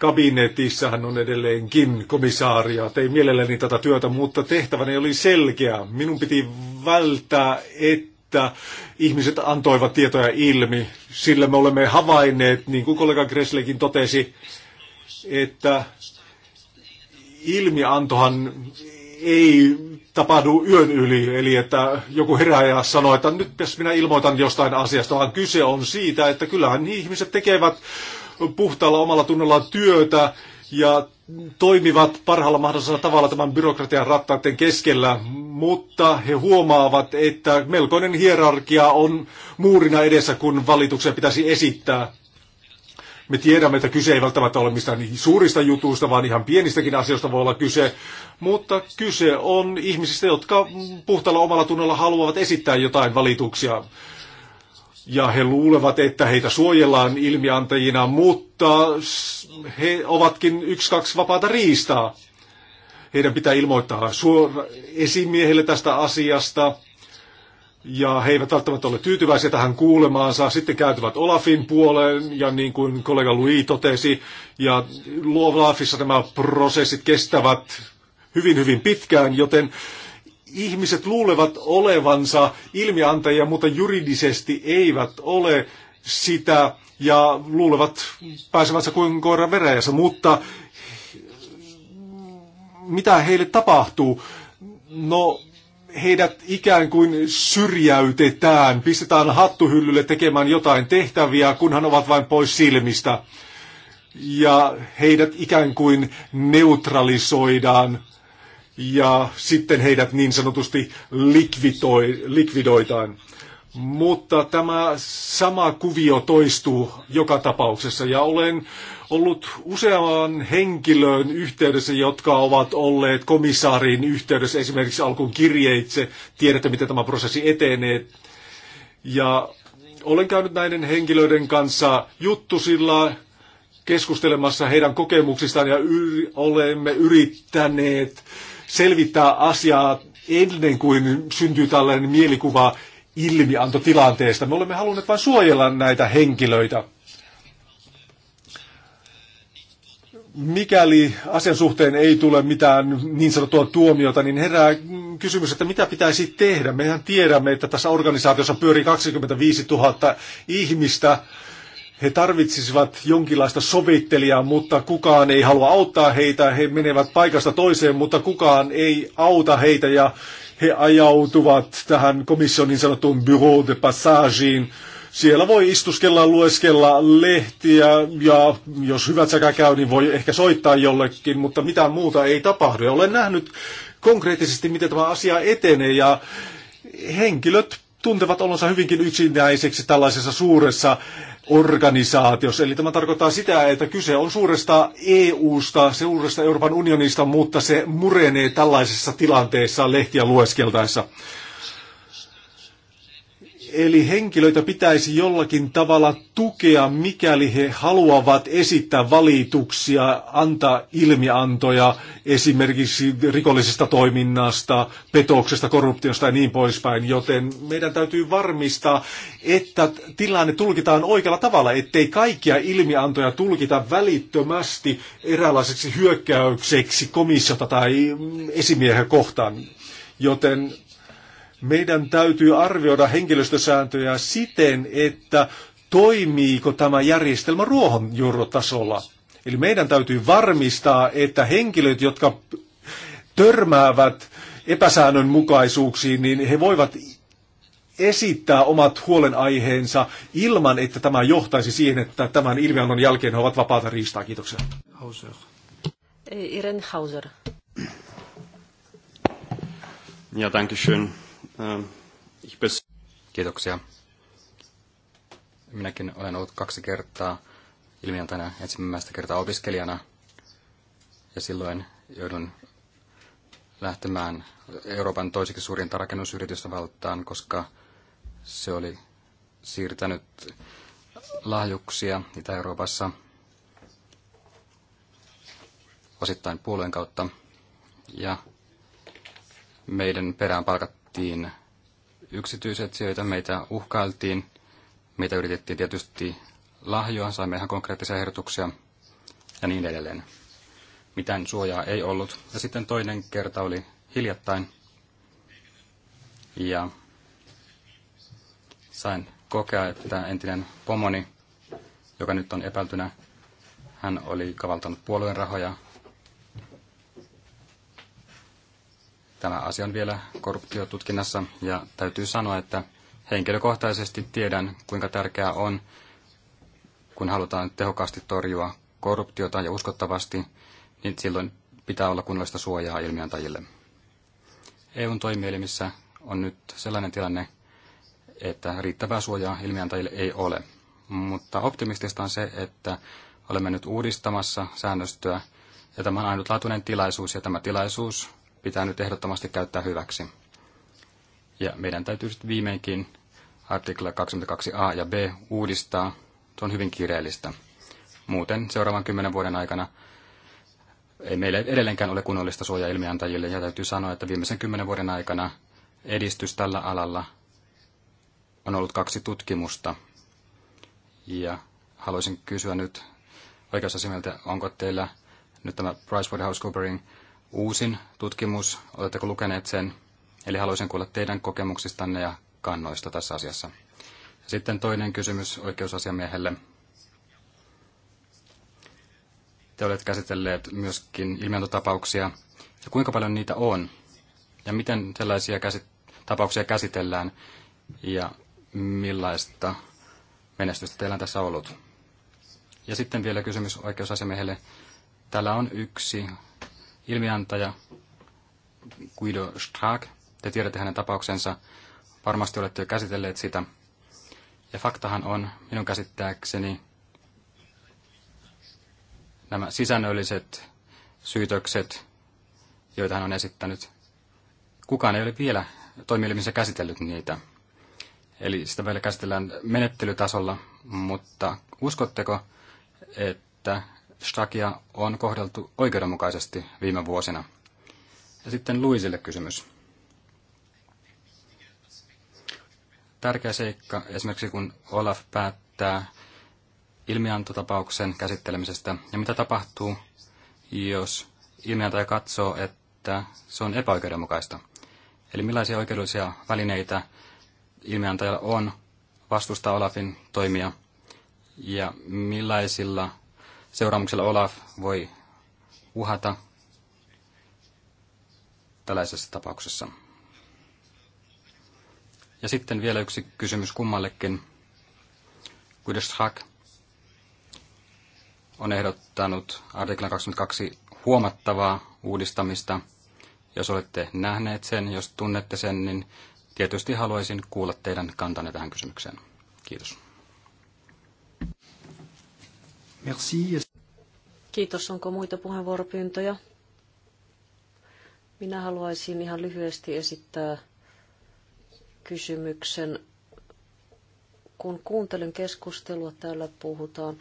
kabinetissahan on edelleenkin komissaaria. Tein mielelläni tätä työtä, mutta tehtäväni oli selkeä. Minun piti välttää, että ihmiset antoivat tietoja ilmi, sillä me olemme havainneet, niin kuin kollega Gresslekin totesi, että ilmiantohan ei tapahdu yön yli, eli että joku herää ja sanoo, että nyt minä ilmoitan jostain asiasta, vaan kyse on siitä, että kyllähän ihmiset tekevät puhtaalla omalla tunnollaan työtä ja toimivat parhaalla mahdollisella tavalla tämän byrokratian rattaiden keskellä, mutta he huomaavat, että melkoinen hierarkia on muurina edessä, kun valituksia pitäisi esittää. Me tiedämme, että kyse ei välttämättä ole mistään suurista jutuista, vaan ihan pienistäkin asioista voi olla kyse. Mutta kyse on ihmisistä, jotka puhtaalla omalla tunnolla haluavat esittää jotain valituksia ja he luulevat, että heitä suojellaan ilmiantajina, mutta he ovatkin yksi kaksi vapaata riistaa. Heidän pitää ilmoittaa suora esimiehelle tästä asiasta, ja he eivät välttämättä ole tyytyväisiä tähän kuulemaansa. Sitten käytyvät Olafin puoleen, ja niin kuin kollega Louis totesi, ja Olafissa nämä prosessit kestävät hyvin hyvin pitkään, joten ihmiset luulevat olevansa ilmiantajia, mutta juridisesti eivät ole sitä ja luulevat pääsevänsä kuin koira veräjässä, mutta mitä heille tapahtuu? No, heidät ikään kuin syrjäytetään, pistetään hattuhyllylle tekemään jotain tehtäviä, kunhan ovat vain pois silmistä. Ja heidät ikään kuin neutralisoidaan ja sitten heidät niin sanotusti likvidoi, likvidoitaan. Mutta tämä sama kuvio toistuu joka tapauksessa ja olen ollut useamman henkilöön yhteydessä, jotka ovat olleet komissaariin yhteydessä esimerkiksi alkuun kirjeitse. Tiedätte, miten tämä prosessi etenee. Ja olen käynyt näiden henkilöiden kanssa juttusilla, keskustelemassa heidän kokemuksistaan ja yri, olemme yrittäneet äh, selvittää asiaa ennen kuin syntyy tällainen mielikuva ilmiantotilanteesta. Me olemme halunneet vain suojella näitä henkilöitä. Mikäli asian suhteen ei tule mitään niin sanottua tuomiota, niin herää kysymys, että mitä pitäisi tehdä. Mehän tiedämme, että tässä organisaatiossa pyörii 25 000 ihmistä, he tarvitsisivat jonkinlaista sovittelijaa, mutta kukaan ei halua auttaa heitä. He menevät paikasta toiseen, mutta kukaan ei auta heitä ja he ajautuvat tähän komission niin sanottuun bureau de passageen. Siellä voi istuskella, lueskella lehtiä ja jos hyvät säkä käy, niin voi ehkä soittaa jollekin, mutta mitään muuta ei tapahdu. Ja olen nähnyt konkreettisesti, miten tämä asia etenee ja henkilöt tuntevat olonsa hyvinkin yksinäiseksi tällaisessa suuressa organisaatiossa. Eli tämä tarkoittaa sitä, että kyse on suuresta EU-sta, suuresta Euroopan unionista, mutta se murenee tällaisessa tilanteessa lehtiä lueskeltaessa. Eli henkilöitä pitäisi jollakin tavalla tukea, mikäli he haluavat esittää valituksia, antaa ilmiantoja esimerkiksi rikollisesta toiminnasta, petoksesta, korruptiosta ja niin poispäin. Joten meidän täytyy varmistaa, että tilanne tulkitaan oikealla tavalla, ettei kaikkia ilmiantoja tulkita välittömästi eräänlaiseksi hyökkäykseksi komissiota tai mm, esimiehen kohtaan. Joten meidän täytyy arvioida henkilöstösääntöjä siten, että toimiiko tämä järjestelmä ruohonjuurotasolla. Eli meidän täytyy varmistaa, että henkilöt, jotka törmäävät epäsäännönmukaisuuksiin, niin he voivat esittää omat huolenaiheensa ilman, että tämä johtaisi siihen, että tämän ilmiannon jälkeen he ovat vapaata riistaa. Kiitoksia. Hauser. Irene Hauser. Ja, danke schön. Ähm, Kiitoksia. Minäkin olen ollut kaksi kertaa ilmiöntäjänä ensimmäistä kertaa opiskelijana ja silloin joudun lähtemään Euroopan toiseksi suurinta rakennusyritystä valtaan, koska se oli siirtänyt lahjuksia Itä-Euroopassa osittain puolueen kautta. Ja meidän perään palkat tapettiin yksityiset sijoita, meitä uhkailtiin, meitä yritettiin tietysti lahjoa, saimme ihan konkreettisia ehdotuksia ja niin edelleen. Mitään suojaa ei ollut. Ja sitten toinen kerta oli hiljattain. Ja sain kokea, että entinen pomoni, joka nyt on epäiltynä, hän oli kavaltanut puolueen rahoja, Tämä asia on vielä korruptiotutkinnassa ja täytyy sanoa, että henkilökohtaisesti tiedän, kuinka tärkeää on, kun halutaan tehokkaasti torjua korruptiota ja uskottavasti, niin silloin pitää olla kunnollista suojaa ilmiantajille. EUn toimielimissä on nyt sellainen tilanne, että riittävää suojaa ilmiantajille ei ole. Mutta optimistista on se, että olemme nyt uudistamassa säännöstöä, ja tämä on ainutlaatuinen tilaisuus, ja tämä tilaisuus pitää nyt ehdottomasti käyttää hyväksi. Ja meidän täytyy sitten viimeinkin artikla 22a ja b uudistaa. Se on hyvin kiireellistä. Muuten seuraavan kymmenen vuoden aikana ei meillä edelleenkään ole kunnollista suojaa ilmiantajille. Ja täytyy sanoa, että viimeisen kymmenen vuoden aikana edistys tällä alalla on ollut kaksi tutkimusta. Ja haluaisin kysyä nyt oikeusasiamelta, onko teillä nyt tämä PricewaterhouseCooperin Cooperin uusin tutkimus, oletteko lukeneet sen? Eli haluaisin kuulla teidän kokemuksistanne ja kannoista tässä asiassa. Sitten toinen kysymys oikeusasiamiehelle. Te olette käsitelleet myöskin ilmiöntotapauksia. Ja kuinka paljon niitä on? Ja miten sellaisia käsit- tapauksia käsitellään? Ja millaista menestystä teillä on tässä ollut? Ja sitten vielä kysymys oikeusasiamiehelle. Täällä on yksi ilmiantaja Guido Strack. Te tiedätte hänen tapauksensa. Varmasti olette jo käsitelleet sitä. Ja faktahan on, minun käsittääkseni, nämä sisännölliset syytökset, joita hän on esittänyt. Kukaan ei ole vielä toimielimissä käsitellyt niitä. Eli sitä vielä käsitellään menettelytasolla, mutta uskotteko, että Stakia on kohdeltu oikeudenmukaisesti viime vuosina. Ja sitten Luisille kysymys. Tärkeä seikka, esimerkiksi kun Olaf päättää ilmiantotapauksen käsittelemisestä, ja mitä tapahtuu, jos ilmiantaja katsoo, että se on epäoikeudenmukaista. Eli millaisia oikeudellisia välineitä ilmiantajalla on vastustaa Olafin toimia, ja millaisilla Seuraamuksella Olaf voi uhata tällaisessa tapauksessa. Ja sitten vielä yksi kysymys kummallekin. Kudeshak on ehdottanut artiklan 22 huomattavaa uudistamista. Jos olette nähneet sen, jos tunnette sen, niin tietysti haluaisin kuulla teidän kantanne tähän kysymykseen. Kiitos. Merci. Kiitos. Onko muita puheenvuoropyyntöjä? Minä haluaisin ihan lyhyesti esittää kysymyksen. Kun kuuntelen keskustelua, täällä puhutaan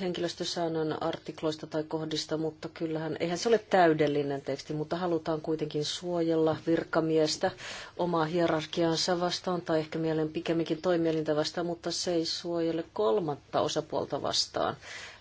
henkilöstösäännön artikloista tai kohdista, mutta kyllähän, eihän se ole täydellinen teksti, mutta halutaan kuitenkin suojella virkamiestä omaa hierarkiaansa vastaan tai ehkä mielen pikemminkin toimielintä vastaan, mutta se ei suojele kolmatta osapuolta vastaan.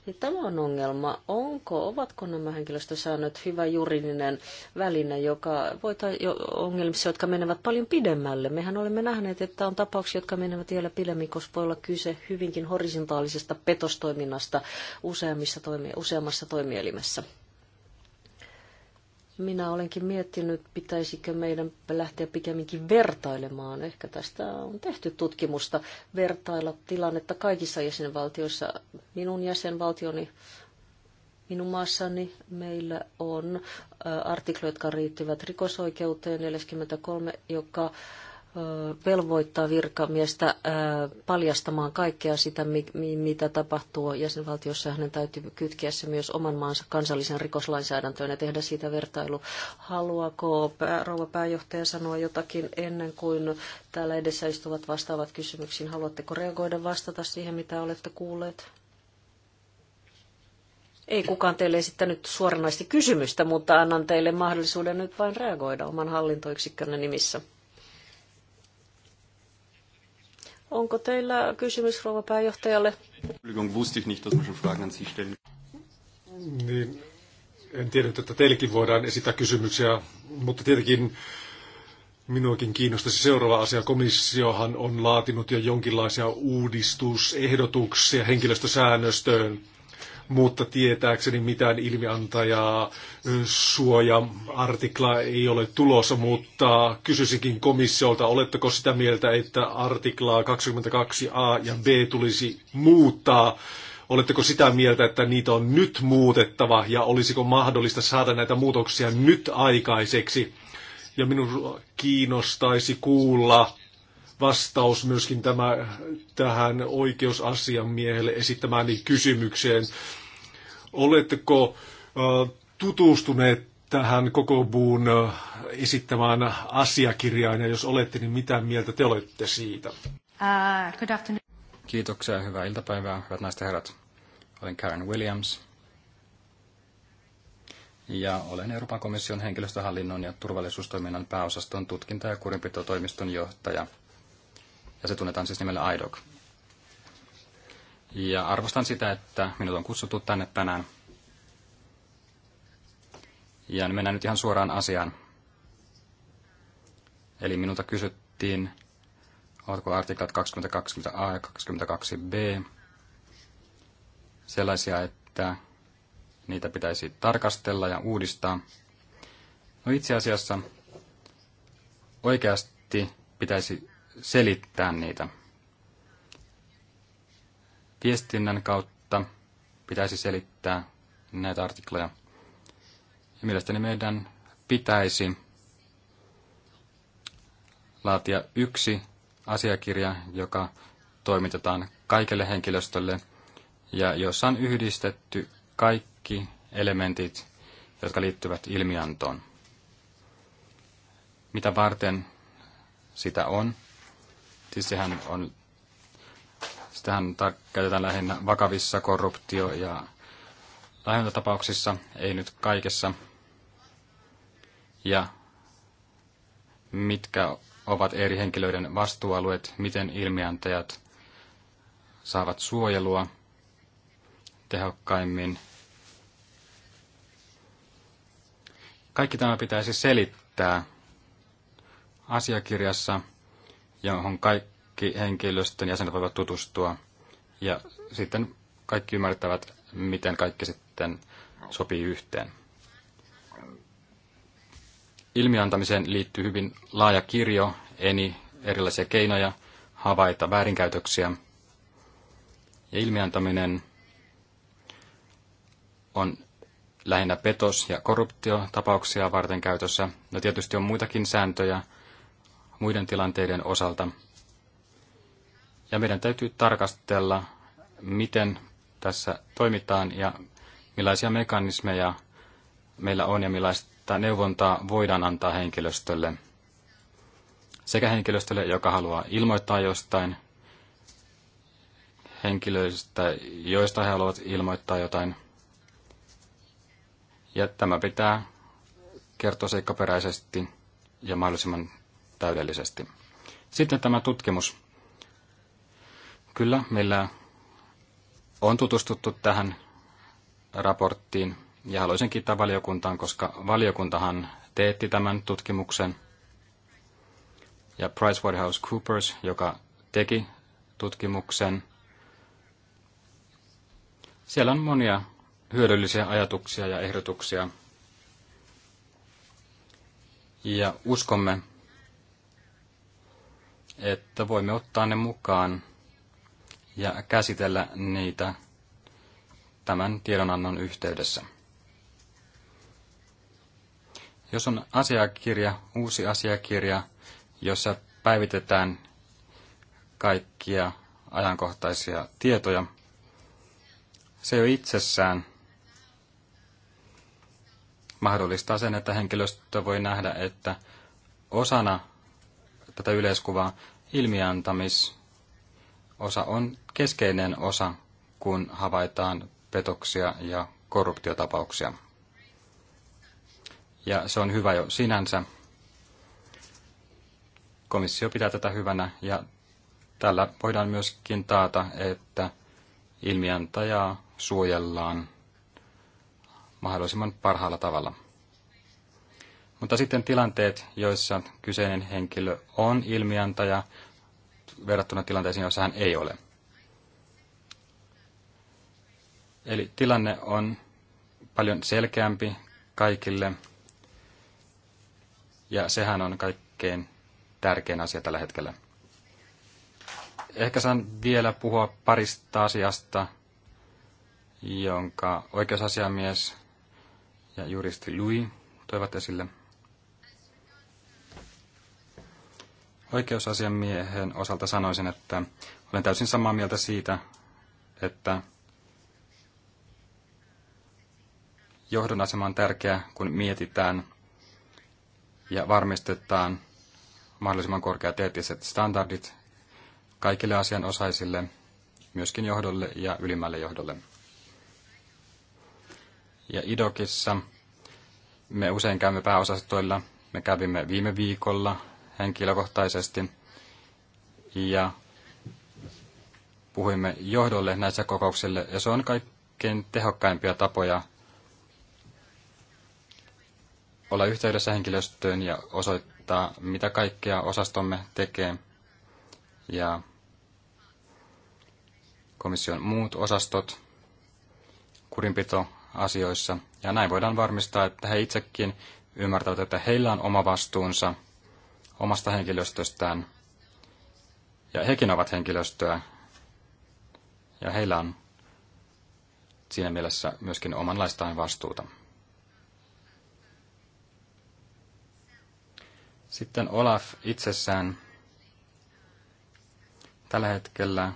Niin tämä on ongelma. Onko, ovatko nämä henkilöstösäännöt hyvä juridinen väline, joka voita jo ongelmissa, jotka menevät paljon pidemmälle? Mehän olemme nähneet, että on tapauksia, jotka menevät vielä pidemmin, koska voi olla kyse hyvinkin horisontaalisesta petostoiminnasta useammissa toimi, useammassa toimielimessä. Minä olenkin miettinyt, pitäisikö meidän lähteä pikemminkin vertailemaan. Ehkä tästä on tehty tutkimusta vertailla tilannetta kaikissa jäsenvaltioissa. Minun jäsenvaltioni, minun maassani meillä on artikloja, jotka riittyvät rikosoikeuteen 43, joka velvoittaa virkamiestä paljastamaan kaikkea sitä, mitä tapahtuu jäsenvaltiossa. Hänen täytyy kytkeä se myös oman maansa kansallisen rikoslainsäädäntöön ja tehdä siitä vertailu. Haluaako rouva pääjohtaja sanoa jotakin ennen kuin täällä edessä istuvat vastaavat kysymyksiin? Haluatteko reagoida vastata siihen, mitä olette kuulleet? Ei kukaan teille esittänyt suoranaisesti kysymystä, mutta annan teille mahdollisuuden nyt vain reagoida oman hallintoyksikkönne nimissä. Onko teillä kysymys rouva pääjohtajalle? Niin, en tiedä, että teillekin voidaan esittää kysymyksiä, mutta tietenkin minuakin kiinnostaisi seuraava asia. Komissiohan on laatinut jo jonkinlaisia uudistusehdotuksia henkilöstösäännöstöön mutta tietääkseni mitään ilmiantajaa suoja-artikla ei ole tulossa, mutta kysyisinkin komissiolta, oletteko sitä mieltä, että artiklaa 22a ja b tulisi muuttaa? Oletteko sitä mieltä, että niitä on nyt muutettava ja olisiko mahdollista saada näitä muutoksia nyt aikaiseksi? Ja minun kiinnostaisi kuulla, vastaus myöskin tämä, tähän oikeusasiamiehelle esittämään kysymykseen. Oletteko tutustuneet tähän koko buun esittämään asiakirjaan, ja jos olette, niin mitä mieltä te olette siitä? Uh, good afternoon. Kiitoksia, hyvää iltapäivää, hyvät naiset ja herrat. Olen Karen Williams, ja olen Euroopan komission henkilöstöhallinnon ja turvallisuustoiminnan pääosaston tutkinta- ja kurinpitotoimiston johtaja – ja se tunnetaan siis nimellä IDOC. Ja arvostan sitä, että minut on kutsuttu tänne tänään. Ja mennään nyt ihan suoraan asiaan. Eli minulta kysyttiin, ovatko artiklat 2020a ja 22b sellaisia, että niitä pitäisi tarkastella ja uudistaa. No itse asiassa oikeasti pitäisi selittää niitä. Viestinnän kautta pitäisi selittää näitä artikloja. Ja mielestäni meidän pitäisi laatia yksi asiakirja, joka toimitetaan kaikille henkilöstölle ja jossa on yhdistetty kaikki elementit, jotka liittyvät ilmiantoon. Mitä varten sitä on? Siis sehän on, sitähän käytetään lähinnä vakavissa korruptio- ja lahjontatapauksissa, ei nyt kaikessa. Ja mitkä ovat eri henkilöiden vastuualueet, miten ilmiantajat saavat suojelua tehokkaimmin. Kaikki tämä pitäisi selittää asiakirjassa – johon kaikki henkilöstön jäsenet voivat tutustua. Ja sitten kaikki ymmärtävät, miten kaikki sitten sopii yhteen. Ilmiantamiseen liittyy hyvin laaja kirjo, eni erilaisia keinoja havaita väärinkäytöksiä. Ja ilmiantaminen on lähinnä petos- ja korruptiotapauksia varten käytössä. No tietysti on muitakin sääntöjä muiden tilanteiden osalta. Ja meidän täytyy tarkastella, miten tässä toimitaan ja millaisia mekanismeja meillä on ja millaista neuvontaa voidaan antaa henkilöstölle. Sekä henkilöstölle, joka haluaa ilmoittaa jostain, henkilöistä, joista he haluavat ilmoittaa jotain. Ja tämä pitää kertoa seikkaperäisesti ja mahdollisimman täydellisesti. Sitten tämä tutkimus. Kyllä, meillä on tutustuttu tähän raporttiin ja haluaisin kiittää valiokuntaan, koska valiokuntahan teetti tämän tutkimuksen. Ja PricewaterhouseCoopers, joka teki tutkimuksen, siellä on monia hyödyllisiä ajatuksia ja ehdotuksia. Ja uskomme, että voimme ottaa ne mukaan ja käsitellä niitä tämän tiedonannon yhteydessä. Jos on asiakirja, uusi asiakirja, jossa päivitetään kaikkia ajankohtaisia tietoja, se jo itsessään mahdollistaa sen, että henkilöstö voi nähdä, että osana tätä yleiskuvaa ilmiantamisosa on keskeinen osa, kun havaitaan petoksia ja korruptiotapauksia. Ja se on hyvä jo sinänsä. Komissio pitää tätä hyvänä ja tällä voidaan myöskin taata, että ilmiantajaa suojellaan mahdollisimman parhaalla tavalla. Mutta sitten tilanteet, joissa kyseinen henkilö on ilmiantaja verrattuna tilanteisiin, joissa hän ei ole. Eli tilanne on paljon selkeämpi kaikille, ja sehän on kaikkein tärkein asia tällä hetkellä. Ehkä saan vielä puhua parista asiasta, jonka oikeusasiamies ja juristi Louis toivat esille. Oikeusasiamiehen osalta sanoisin, että olen täysin samaa mieltä siitä, että johdon asema on tärkeä, kun mietitään ja varmistetaan mahdollisimman korkeat eettiset standardit kaikille asianosaisille, myöskin johdolle ja ylimmälle johdolle. Ja IDOKissa me usein käymme pääosastoilla. Me kävimme viime viikolla henkilökohtaisesti ja puhuimme johdolle näissä kokouksille ja se on kaikkein tehokkaimpia tapoja olla yhteydessä henkilöstöön ja osoittaa, mitä kaikkea osastomme tekee ja komission muut osastot kurinpitoasioissa. Ja näin voidaan varmistaa, että he itsekin ymmärtävät, että heillä on oma vastuunsa omasta henkilöstöstään. Ja hekin ovat henkilöstöä. Ja heillä on siinä mielessä myöskin omanlaistaan vastuuta. Sitten Olaf itsessään. Tällä hetkellä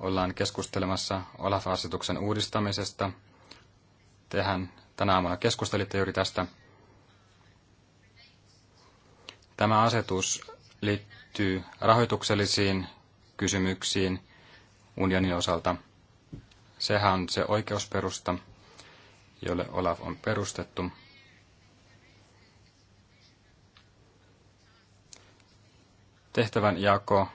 ollaan keskustelemassa Olaf-asetuksen uudistamisesta. Tehän tänä aamuna keskustelitte juuri tästä. Tämä asetus liittyy rahoituksellisiin kysymyksiin unionin osalta. Sehän on se oikeusperusta, jolle Olaf on perustettu. Tehtävän jako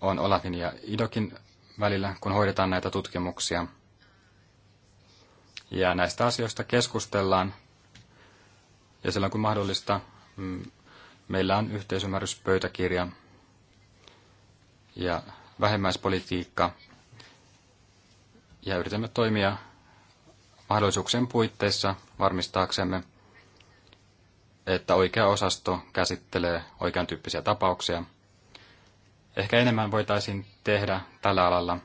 on Olafin ja Idokin välillä, kun hoidetaan näitä tutkimuksia. Ja näistä asioista keskustellaan ja silloin kun mahdollista, mm, meillä on yhteisymmärryspöytäkirja ja vähemmäispolitiikka. Ja yritämme toimia mahdollisuuksien puitteissa varmistaaksemme, että oikea osasto käsittelee oikean tyyppisiä tapauksia. Ehkä enemmän voitaisiin tehdä tällä alalla.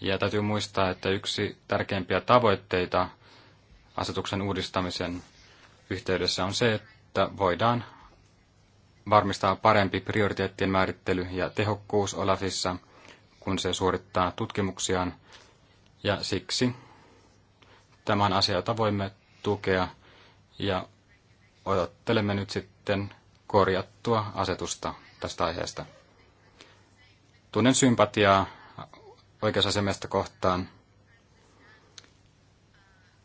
Ja täytyy muistaa, että yksi tärkeimpiä tavoitteita asetuksen uudistamisen yhteydessä on se, että voidaan varmistaa parempi prioriteettien määrittely ja tehokkuus Olafissa, kun se suorittaa tutkimuksiaan, ja siksi tämän asian, jota voimme tukea, ja odottelemme nyt sitten korjattua asetusta tästä aiheesta. Tunnen sympatiaa oikeusasiamiestä kohtaan,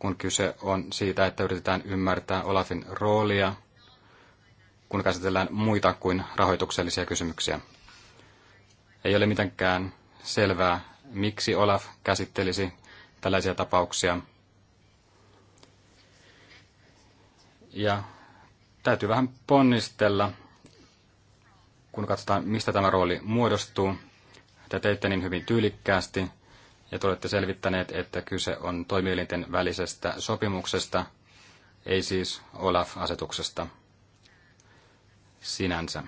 kun kyse on siitä, että yritetään ymmärtää Olafin roolia, kun käsitellään muita kuin rahoituksellisia kysymyksiä. Ei ole mitenkään selvää, miksi Olaf käsittelisi tällaisia tapauksia. Ja täytyy vähän ponnistella, kun katsotaan, mistä tämä rooli muodostuu. Te teitte niin hyvin tyylikkäästi ja te olette selvittäneet, että kyse on toimielinten välisestä sopimuksesta, ei siis Olaf-asetuksesta sinänsä.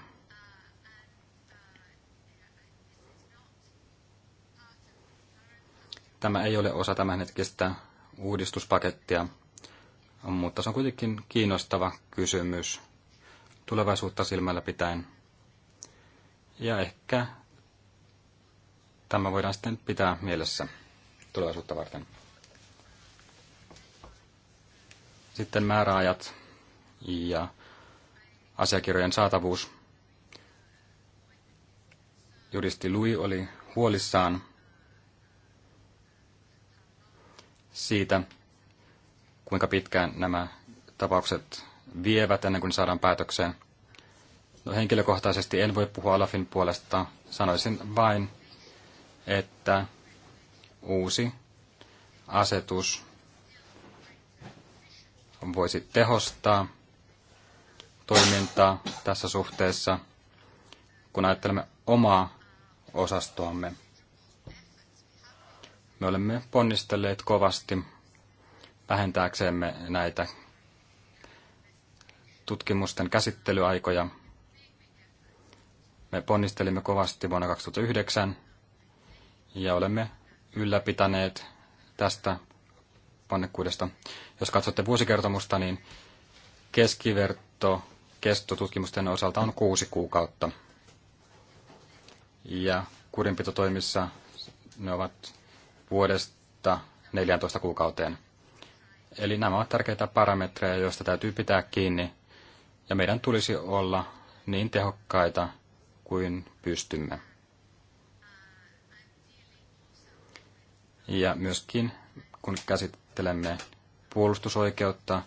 Tämä ei ole osa tämänhetkistä uudistuspakettia, mutta se on kuitenkin kiinnostava kysymys tulevaisuutta silmällä pitäen. Ja ehkä tämä voidaan sitten pitää mielessä tulevaisuutta varten. Sitten määräajat ja asiakirjojen saatavuus. Juristi Lui oli huolissaan siitä, kuinka pitkään nämä tapaukset vievät ennen kuin saadaan päätökseen. No, henkilökohtaisesti en voi puhua Alafin puolesta. Sanoisin vain, että uusi asetus voisi tehostaa toimintaa tässä suhteessa, kun ajattelemme omaa osastoamme. Me olemme ponnistelleet kovasti vähentääksemme näitä tutkimusten käsittelyaikoja. Me ponnistelimme kovasti vuonna 2009 ja olemme ylläpitäneet tästä pannekuudesta. Jos katsotte vuosikertomusta, niin keskiverto kestotutkimusten osalta on kuusi kuukautta. Ja kurinpitotoimissa ne ovat vuodesta 14 kuukauteen. Eli nämä ovat tärkeitä parametreja, joista täytyy pitää kiinni, ja meidän tulisi olla niin tehokkaita kuin pystymme. Ja myöskin kun käsittelemme puolustusoikeutta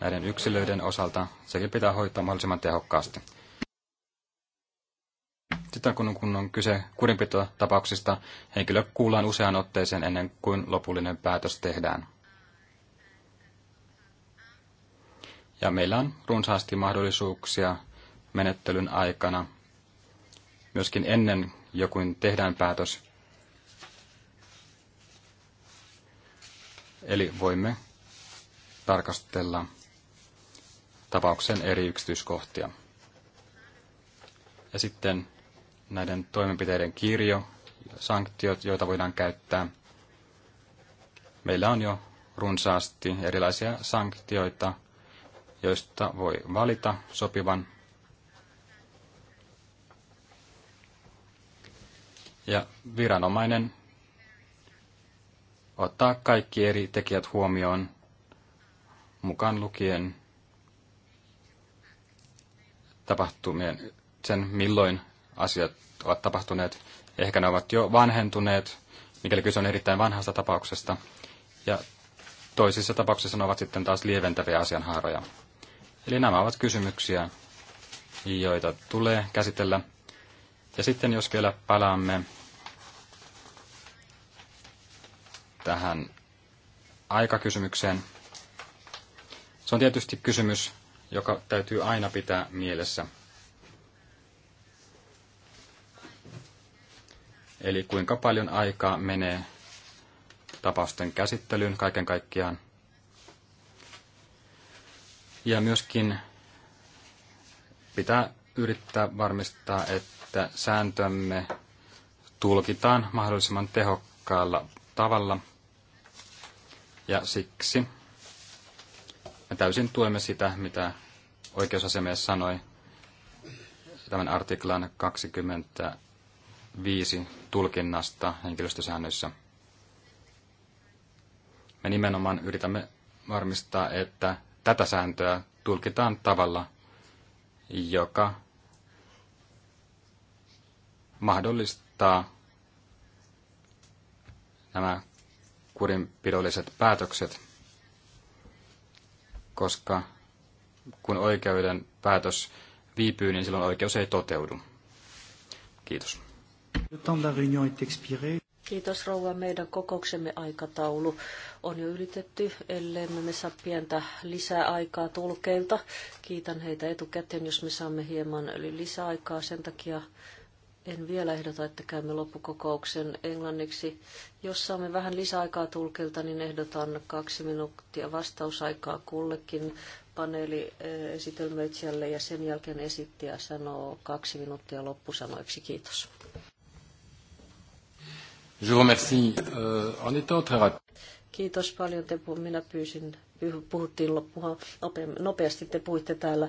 näiden yksilöiden osalta, sekin pitää hoitaa mahdollisimman tehokkaasti. Sitten kun on kyse kurinpitotapauksista, henkilö kuullaan useaan otteeseen ennen kuin lopullinen päätös tehdään. Ja meillä on runsaasti mahdollisuuksia menettelyn aikana, myöskin ennen jokin tehdään päätös, Eli voimme tarkastella tapauksen eri yksityiskohtia. Ja sitten näiden toimenpiteiden kirjo, sanktiot, joita voidaan käyttää. Meillä on jo runsaasti erilaisia sanktioita, joista voi valita sopivan. Ja viranomainen ottaa kaikki eri tekijät huomioon, mukaan lukien tapahtumien, sen milloin asiat ovat tapahtuneet. Ehkä ne ovat jo vanhentuneet, mikäli kyse on erittäin vanhasta tapauksesta. Ja toisissa tapauksissa ne ovat sitten taas lieventäviä asianhaaroja. Eli nämä ovat kysymyksiä, joita tulee käsitellä. Ja sitten jos vielä palaamme tähän aikakysymykseen. Se on tietysti kysymys, joka täytyy aina pitää mielessä. Eli kuinka paljon aikaa menee tapausten käsittelyyn kaiken kaikkiaan. Ja myöskin pitää yrittää varmistaa, että sääntömme tulkitaan mahdollisimman tehokkaalla tavalla – ja siksi me täysin tuemme sitä, mitä oikeusasiamies sanoi tämän artiklan 25 tulkinnasta henkilöstösäännöissä. Me nimenomaan yritämme varmistaa, että tätä sääntöä tulkitaan tavalla, joka mahdollistaa nämä kurinpidolliset päätökset, koska kun oikeuden päätös viipyy, niin silloin oikeus ei toteudu. Kiitos. Kiitos rouva. Meidän kokouksemme aikataulu on jo ylitetty, ellei me saa pientä lisää aikaa tulkeilta. Kiitän heitä etukäteen, jos me saamme hieman lisäaikaa sen takia, en vielä ehdota, että käymme loppukokouksen englanniksi. Jos saamme vähän lisäaikaa tulkilta, niin ehdotan kaksi minuuttia vastausaikaa kullekin paneeliesitelmöitsijälle eh, ja sen jälkeen esittäjä sanoo kaksi minuuttia loppusanoiksi. Kiitos. Je vous remercie. Euh, Kiitos paljon, Tepu. Minä pyysin puhuttiin loppua nopeasti. Te puhuitte täällä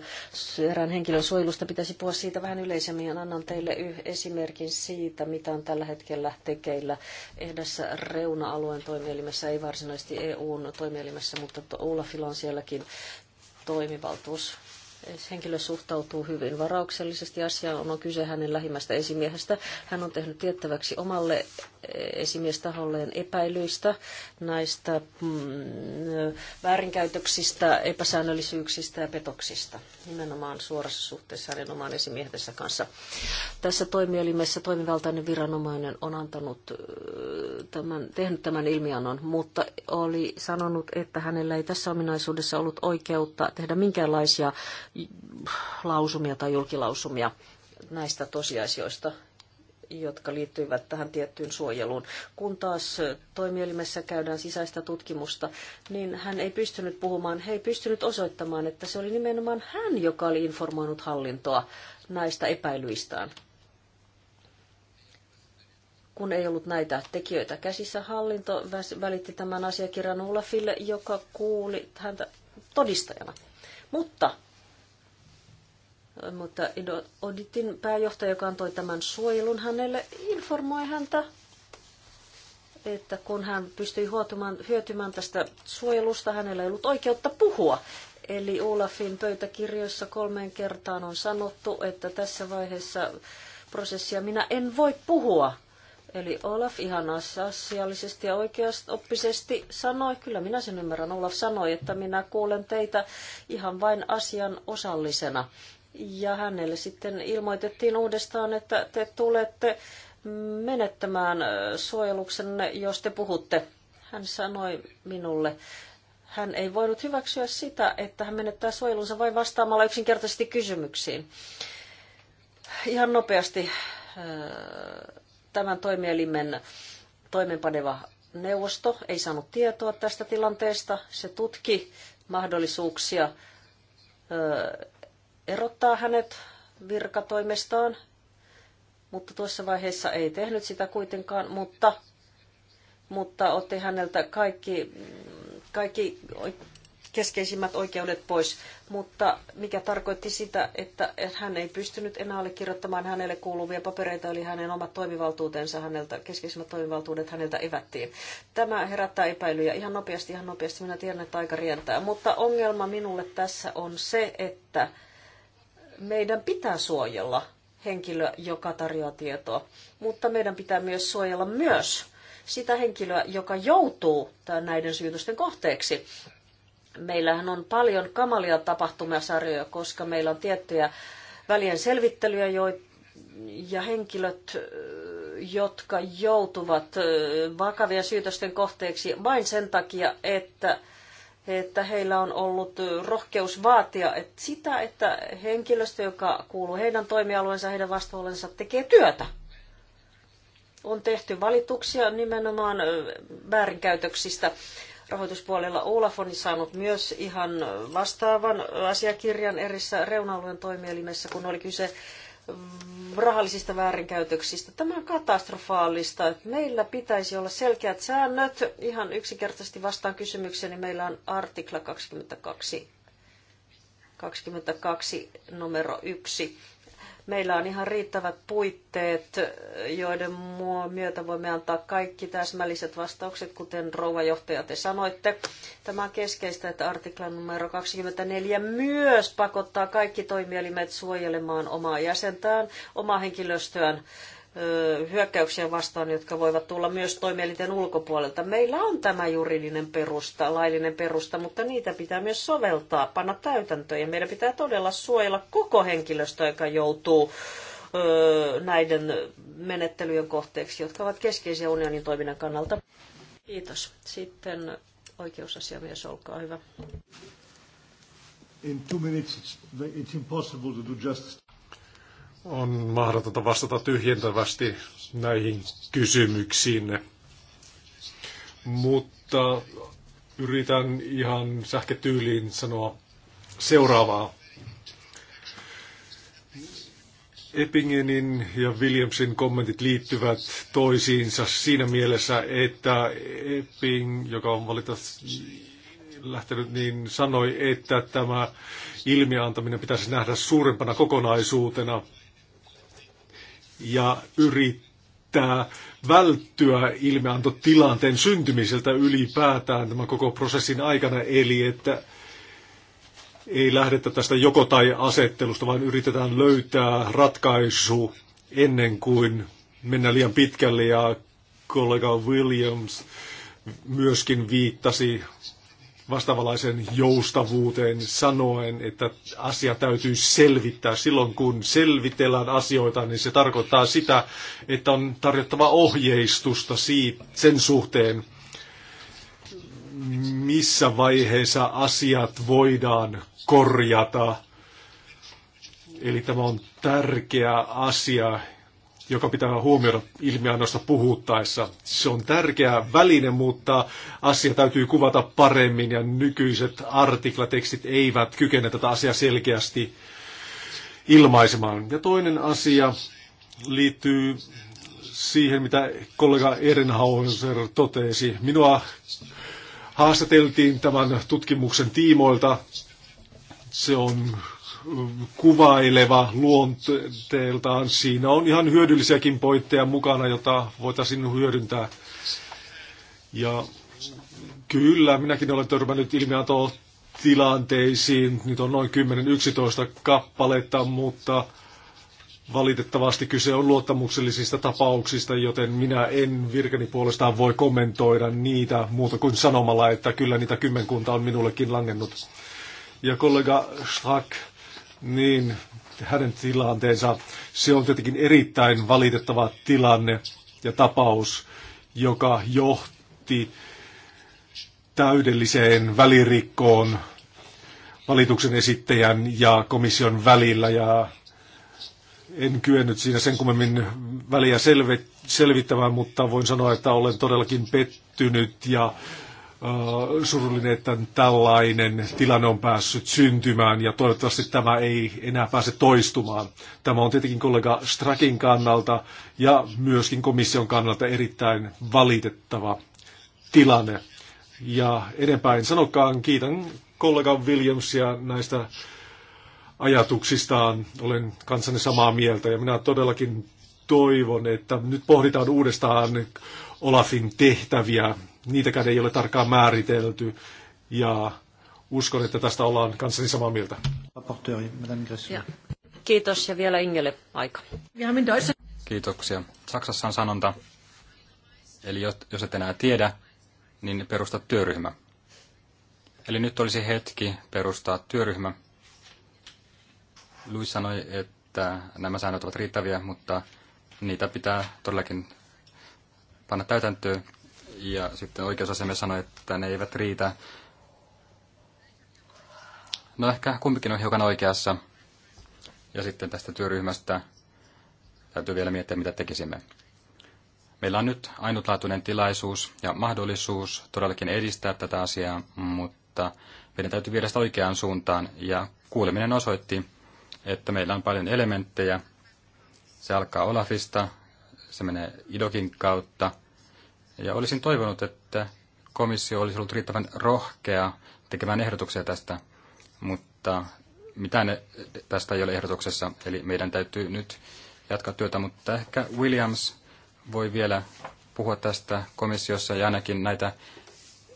erään henkilön suojelusta. Pitäisi puhua siitä vähän yleisemmin. Annan teille esimerkin siitä, mitä on tällä hetkellä tekeillä ehdessä reuna-alueen toimielimessä, ei varsinaisesti EUn toimielimessä, mutta Olafilla on sielläkin toimivaltuus henkilö suhtautuu hyvin varauksellisesti asiaan. On kyse hänen lähimmästä esimiehestä. Hän on tehnyt tiettäväksi omalle esimiestaholleen epäilyistä, näistä mm, väärinkäytöksistä, epäsäännöllisyyksistä ja petoksista, nimenomaan suorassa suhteessa hänen omaan esimiehensä kanssa. Tässä toimielimessä toimivaltainen viranomainen on antanut tämän, tehnyt tämän ilmianon, mutta oli sanonut, että hänellä ei tässä ominaisuudessa ollut oikeutta tehdä minkäänlaisia mm, lausumia tai julkilausumia näistä tosiasioista, jotka liittyvät tähän tiettyyn suojeluun. Kun taas toimielimessä käydään sisäistä tutkimusta, niin hän ei pystynyt puhumaan, he ei pystynyt osoittamaan, että se oli nimenomaan hän, joka oli informoinut hallintoa näistä epäilyistään. Kun ei ollut näitä tekijöitä käsissä, hallinto välitti tämän asiakirjan Olafille, joka kuuli häntä todistajana. Mutta mutta Oditin pääjohtaja, joka antoi tämän suojelun hänelle, informoi häntä, että kun hän pystyi huotumaan, hyötymään tästä suojelusta, hänellä ei ollut oikeutta puhua. Eli Olafin pöytäkirjoissa kolmeen kertaan on sanottu, että tässä vaiheessa prosessia minä en voi puhua. Eli Olaf ihan asiallisesti ja oppisesti sanoi, kyllä minä sen ymmärrän, Olaf sanoi, että minä kuulen teitä ihan vain asian osallisena. Ja hänelle sitten ilmoitettiin uudestaan, että te tulette menettämään suojeluksenne, jos te puhutte. Hän sanoi minulle, hän ei voinut hyväksyä sitä, että hän menettää suojelunsa vain vastaamalla yksinkertaisesti kysymyksiin. Ihan nopeasti tämän toimielimen toimenpaneva neuvosto ei saanut tietoa tästä tilanteesta. Se tutki mahdollisuuksia erottaa hänet virkatoimestaan, mutta tuossa vaiheessa ei tehnyt sitä kuitenkaan, mutta, mutta otti häneltä kaikki, kaikki keskeisimmät oikeudet pois, mutta mikä tarkoitti sitä, että hän ei pystynyt enää allekirjoittamaan hänelle kuuluvia papereita, eli hänen omat toimivaltuutensa häneltä, keskeisimmät toimivaltuudet häneltä evättiin. Tämä herättää epäilyjä ihan nopeasti, ihan nopeasti, minä tiedän, että aika rientää, mutta ongelma minulle tässä on se, että meidän pitää suojella henkilö, joka tarjoaa tietoa, mutta meidän pitää myös suojella myös sitä henkilöä, joka joutuu näiden syytösten kohteeksi. Meillähän on paljon kamalia tapahtumia sarjoja, koska meillä on tiettyjä välien selvittelyjä ja henkilöt, jotka joutuvat vakavien syytösten kohteeksi vain sen takia, että että heillä on ollut rohkeus vaatia että sitä, että henkilöstö, joka kuuluu heidän toimialueensa, heidän vastuullensa, tekee työtä. On tehty valituksia nimenomaan väärinkäytöksistä. Rahoituspuolella Olaf on saanut myös ihan vastaavan asiakirjan erissä reuna-alueen toimielimessä, kun oli kyse rahallisista väärinkäytöksistä. Tämä on katastrofaalista. Meillä pitäisi olla selkeät säännöt. Ihan yksinkertaisesti vastaan kysymykseen, niin meillä on artikla 22, 22 numero 1 meillä on ihan riittävät puitteet, joiden myötä voimme antaa kaikki täsmälliset vastaukset, kuten rouva johtaja te sanoitte. Tämä on keskeistä, että artiklan numero 24 myös pakottaa kaikki toimielimet suojelemaan omaa jäsentään, omaa henkilöstöään hyökkäyksiä vastaan, jotka voivat tulla myös toimielinten ulkopuolelta. Meillä on tämä juridinen perusta, laillinen perusta, mutta niitä pitää myös soveltaa, panna täytäntöön. Ja meidän pitää todella suojella koko henkilöstö, joka joutuu näiden menettelyjen kohteeksi, jotka ovat keskeisiä unionin toiminnan kannalta. Kiitos. Sitten oikeusasiamies, olkaa hyvä. In two minutes it's, it's impossible to do justice on mahdotonta vastata tyhjentävästi näihin kysymyksiin, Mutta yritän ihan sähkötyyliin sanoa seuraavaa. Eppingenin ja Williamsin kommentit liittyvät toisiinsa siinä mielessä, että Epping, joka on valitettavasti lähtenyt, niin sanoi, että tämä ilmiantaminen pitäisi nähdä suurempana kokonaisuutena – ja yrittää välttyä ilmeantotilanteen syntymiseltä ylipäätään tämän koko prosessin aikana, eli että ei lähdetä tästä joko tai asettelusta, vaan yritetään löytää ratkaisu ennen kuin mennään liian pitkälle ja kollega Williams myöskin viittasi vastaavalaisen joustavuuteen sanoen, että asia täytyy selvittää. Silloin kun selvitellään asioita, niin se tarkoittaa sitä, että on tarjottava ohjeistusta sen suhteen, missä vaiheessa asiat voidaan korjata. Eli tämä on tärkeä asia joka pitää huomioida ilmiannosta puhuttaessa. Se on tärkeä väline, mutta asia täytyy kuvata paremmin ja nykyiset artiklatekstit eivät kykene tätä asiaa selkeästi ilmaisemaan. Ja toinen asia liittyy siihen, mitä kollega Ehrenhauser totesi. Minua haastateltiin tämän tutkimuksen tiimoilta. Se on kuvaileva luonteeltaan. Siinä on ihan hyödyllisiäkin pointteja mukana, jota voitaisiin hyödyntää. Ja kyllä, minäkin olen törmännyt ilmiantotilanteisiin. tilanteisiin. Nyt on noin 10-11 kappaletta, mutta valitettavasti kyse on luottamuksellisista tapauksista, joten minä en virkani puolestaan voi kommentoida niitä muuta kuin sanomalla, että kyllä niitä kymmenkunta on minullekin langennut. Ja kollega Schrack niin hänen tilanteensa, se on tietenkin erittäin valitettava tilanne ja tapaus, joka johti täydelliseen välirikkoon valituksen esittäjän ja komission välillä ja en kyennyt siinä sen kummemmin väliä selvittämään, mutta voin sanoa, että olen todellakin pettynyt ja Äh, surullinen, että tällainen tilanne on päässyt syntymään ja toivottavasti tämä ei enää pääse toistumaan. Tämä on tietenkin kollega Strakin kannalta ja myöskin komission kannalta erittäin valitettava tilanne. Ja enempää en sanokaan, kiitän kollega Williamsia näistä ajatuksistaan. Olen kanssani samaa mieltä ja minä todellakin toivon, että nyt pohditaan uudestaan Olafin tehtäviä niitäkään ei ole tarkkaan määritelty. Ja uskon, että tästä ollaan kanssani samaa mieltä. Kiitos ja vielä Ingelle aika. Kiitoksia. Saksassa on sanonta, eli jos et enää tiedä, niin perusta työryhmä. Eli nyt olisi hetki perustaa työryhmä. Luis sanoi, että nämä säännöt ovat riittäviä, mutta niitä pitää todellakin panna täytäntöön ja sitten oikeusasemme sanoi, että ne eivät riitä. No ehkä kumpikin on hiukan oikeassa. Ja sitten tästä työryhmästä täytyy vielä miettiä, mitä tekisimme. Meillä on nyt ainutlaatuinen tilaisuus ja mahdollisuus todellakin edistää tätä asiaa, mutta meidän täytyy viedä sitä oikeaan suuntaan. Ja kuuleminen osoitti, että meillä on paljon elementtejä. Se alkaa Olafista, se menee Idokin kautta ja olisin toivonut, että komissio olisi ollut riittävän rohkea tekemään ehdotuksia tästä, mutta mitään e- tästä ei ole ehdotuksessa, eli meidän täytyy nyt jatkaa työtä, mutta ehkä Williams voi vielä puhua tästä komissiossa ja ainakin näitä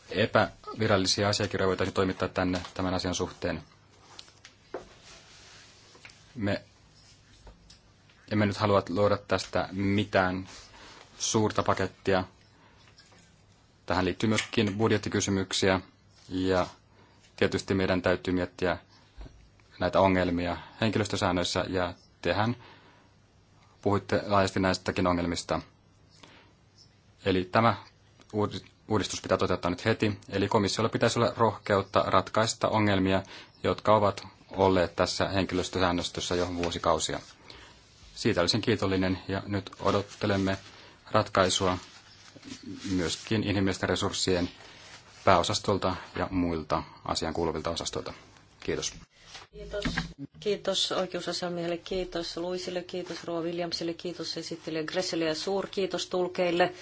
epävirallisia asiakirjoja voitaisiin toimittaa tänne tämän asian suhteen. Me emme nyt halua luoda tästä mitään suurta pakettia, Tähän liittyy myöskin budjettikysymyksiä ja tietysti meidän täytyy miettiä näitä ongelmia henkilöstösäännöissä ja tehän puhuitte laajasti näistäkin ongelmista. Eli tämä uudistus pitää toteuttaa nyt heti, eli komissiolla pitäisi olla rohkeutta ratkaista ongelmia, jotka ovat olleet tässä henkilöstösäännöstössä jo vuosikausia. Siitä olisin kiitollinen ja nyt odottelemme ratkaisua myöskin inhimillisten resurssien pääosastolta ja muilta asian kuuluvilta osastoilta. Kiitos. Kiitos. Kiitos oikeusasiamiehelle, kiitos Luisille, kiitos Roa Williamsille, kiitos esittelijä Gresselle ja suur kiitos tulkeille.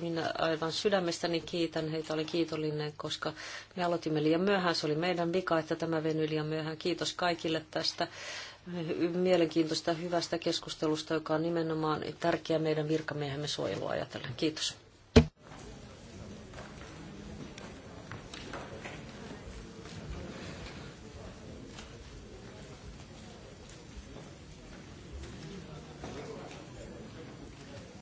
Minä aivan sydämestäni kiitän heitä, olen kiitollinen, koska me aloitimme liian myöhään. Se oli meidän vika, että tämä venyi liian myöhään. Kiitos kaikille tästä mielenkiintoista hyvästä keskustelusta, joka on nimenomaan tärkeä meidän virkamiehemme suojelua ajatellen. Kiitos.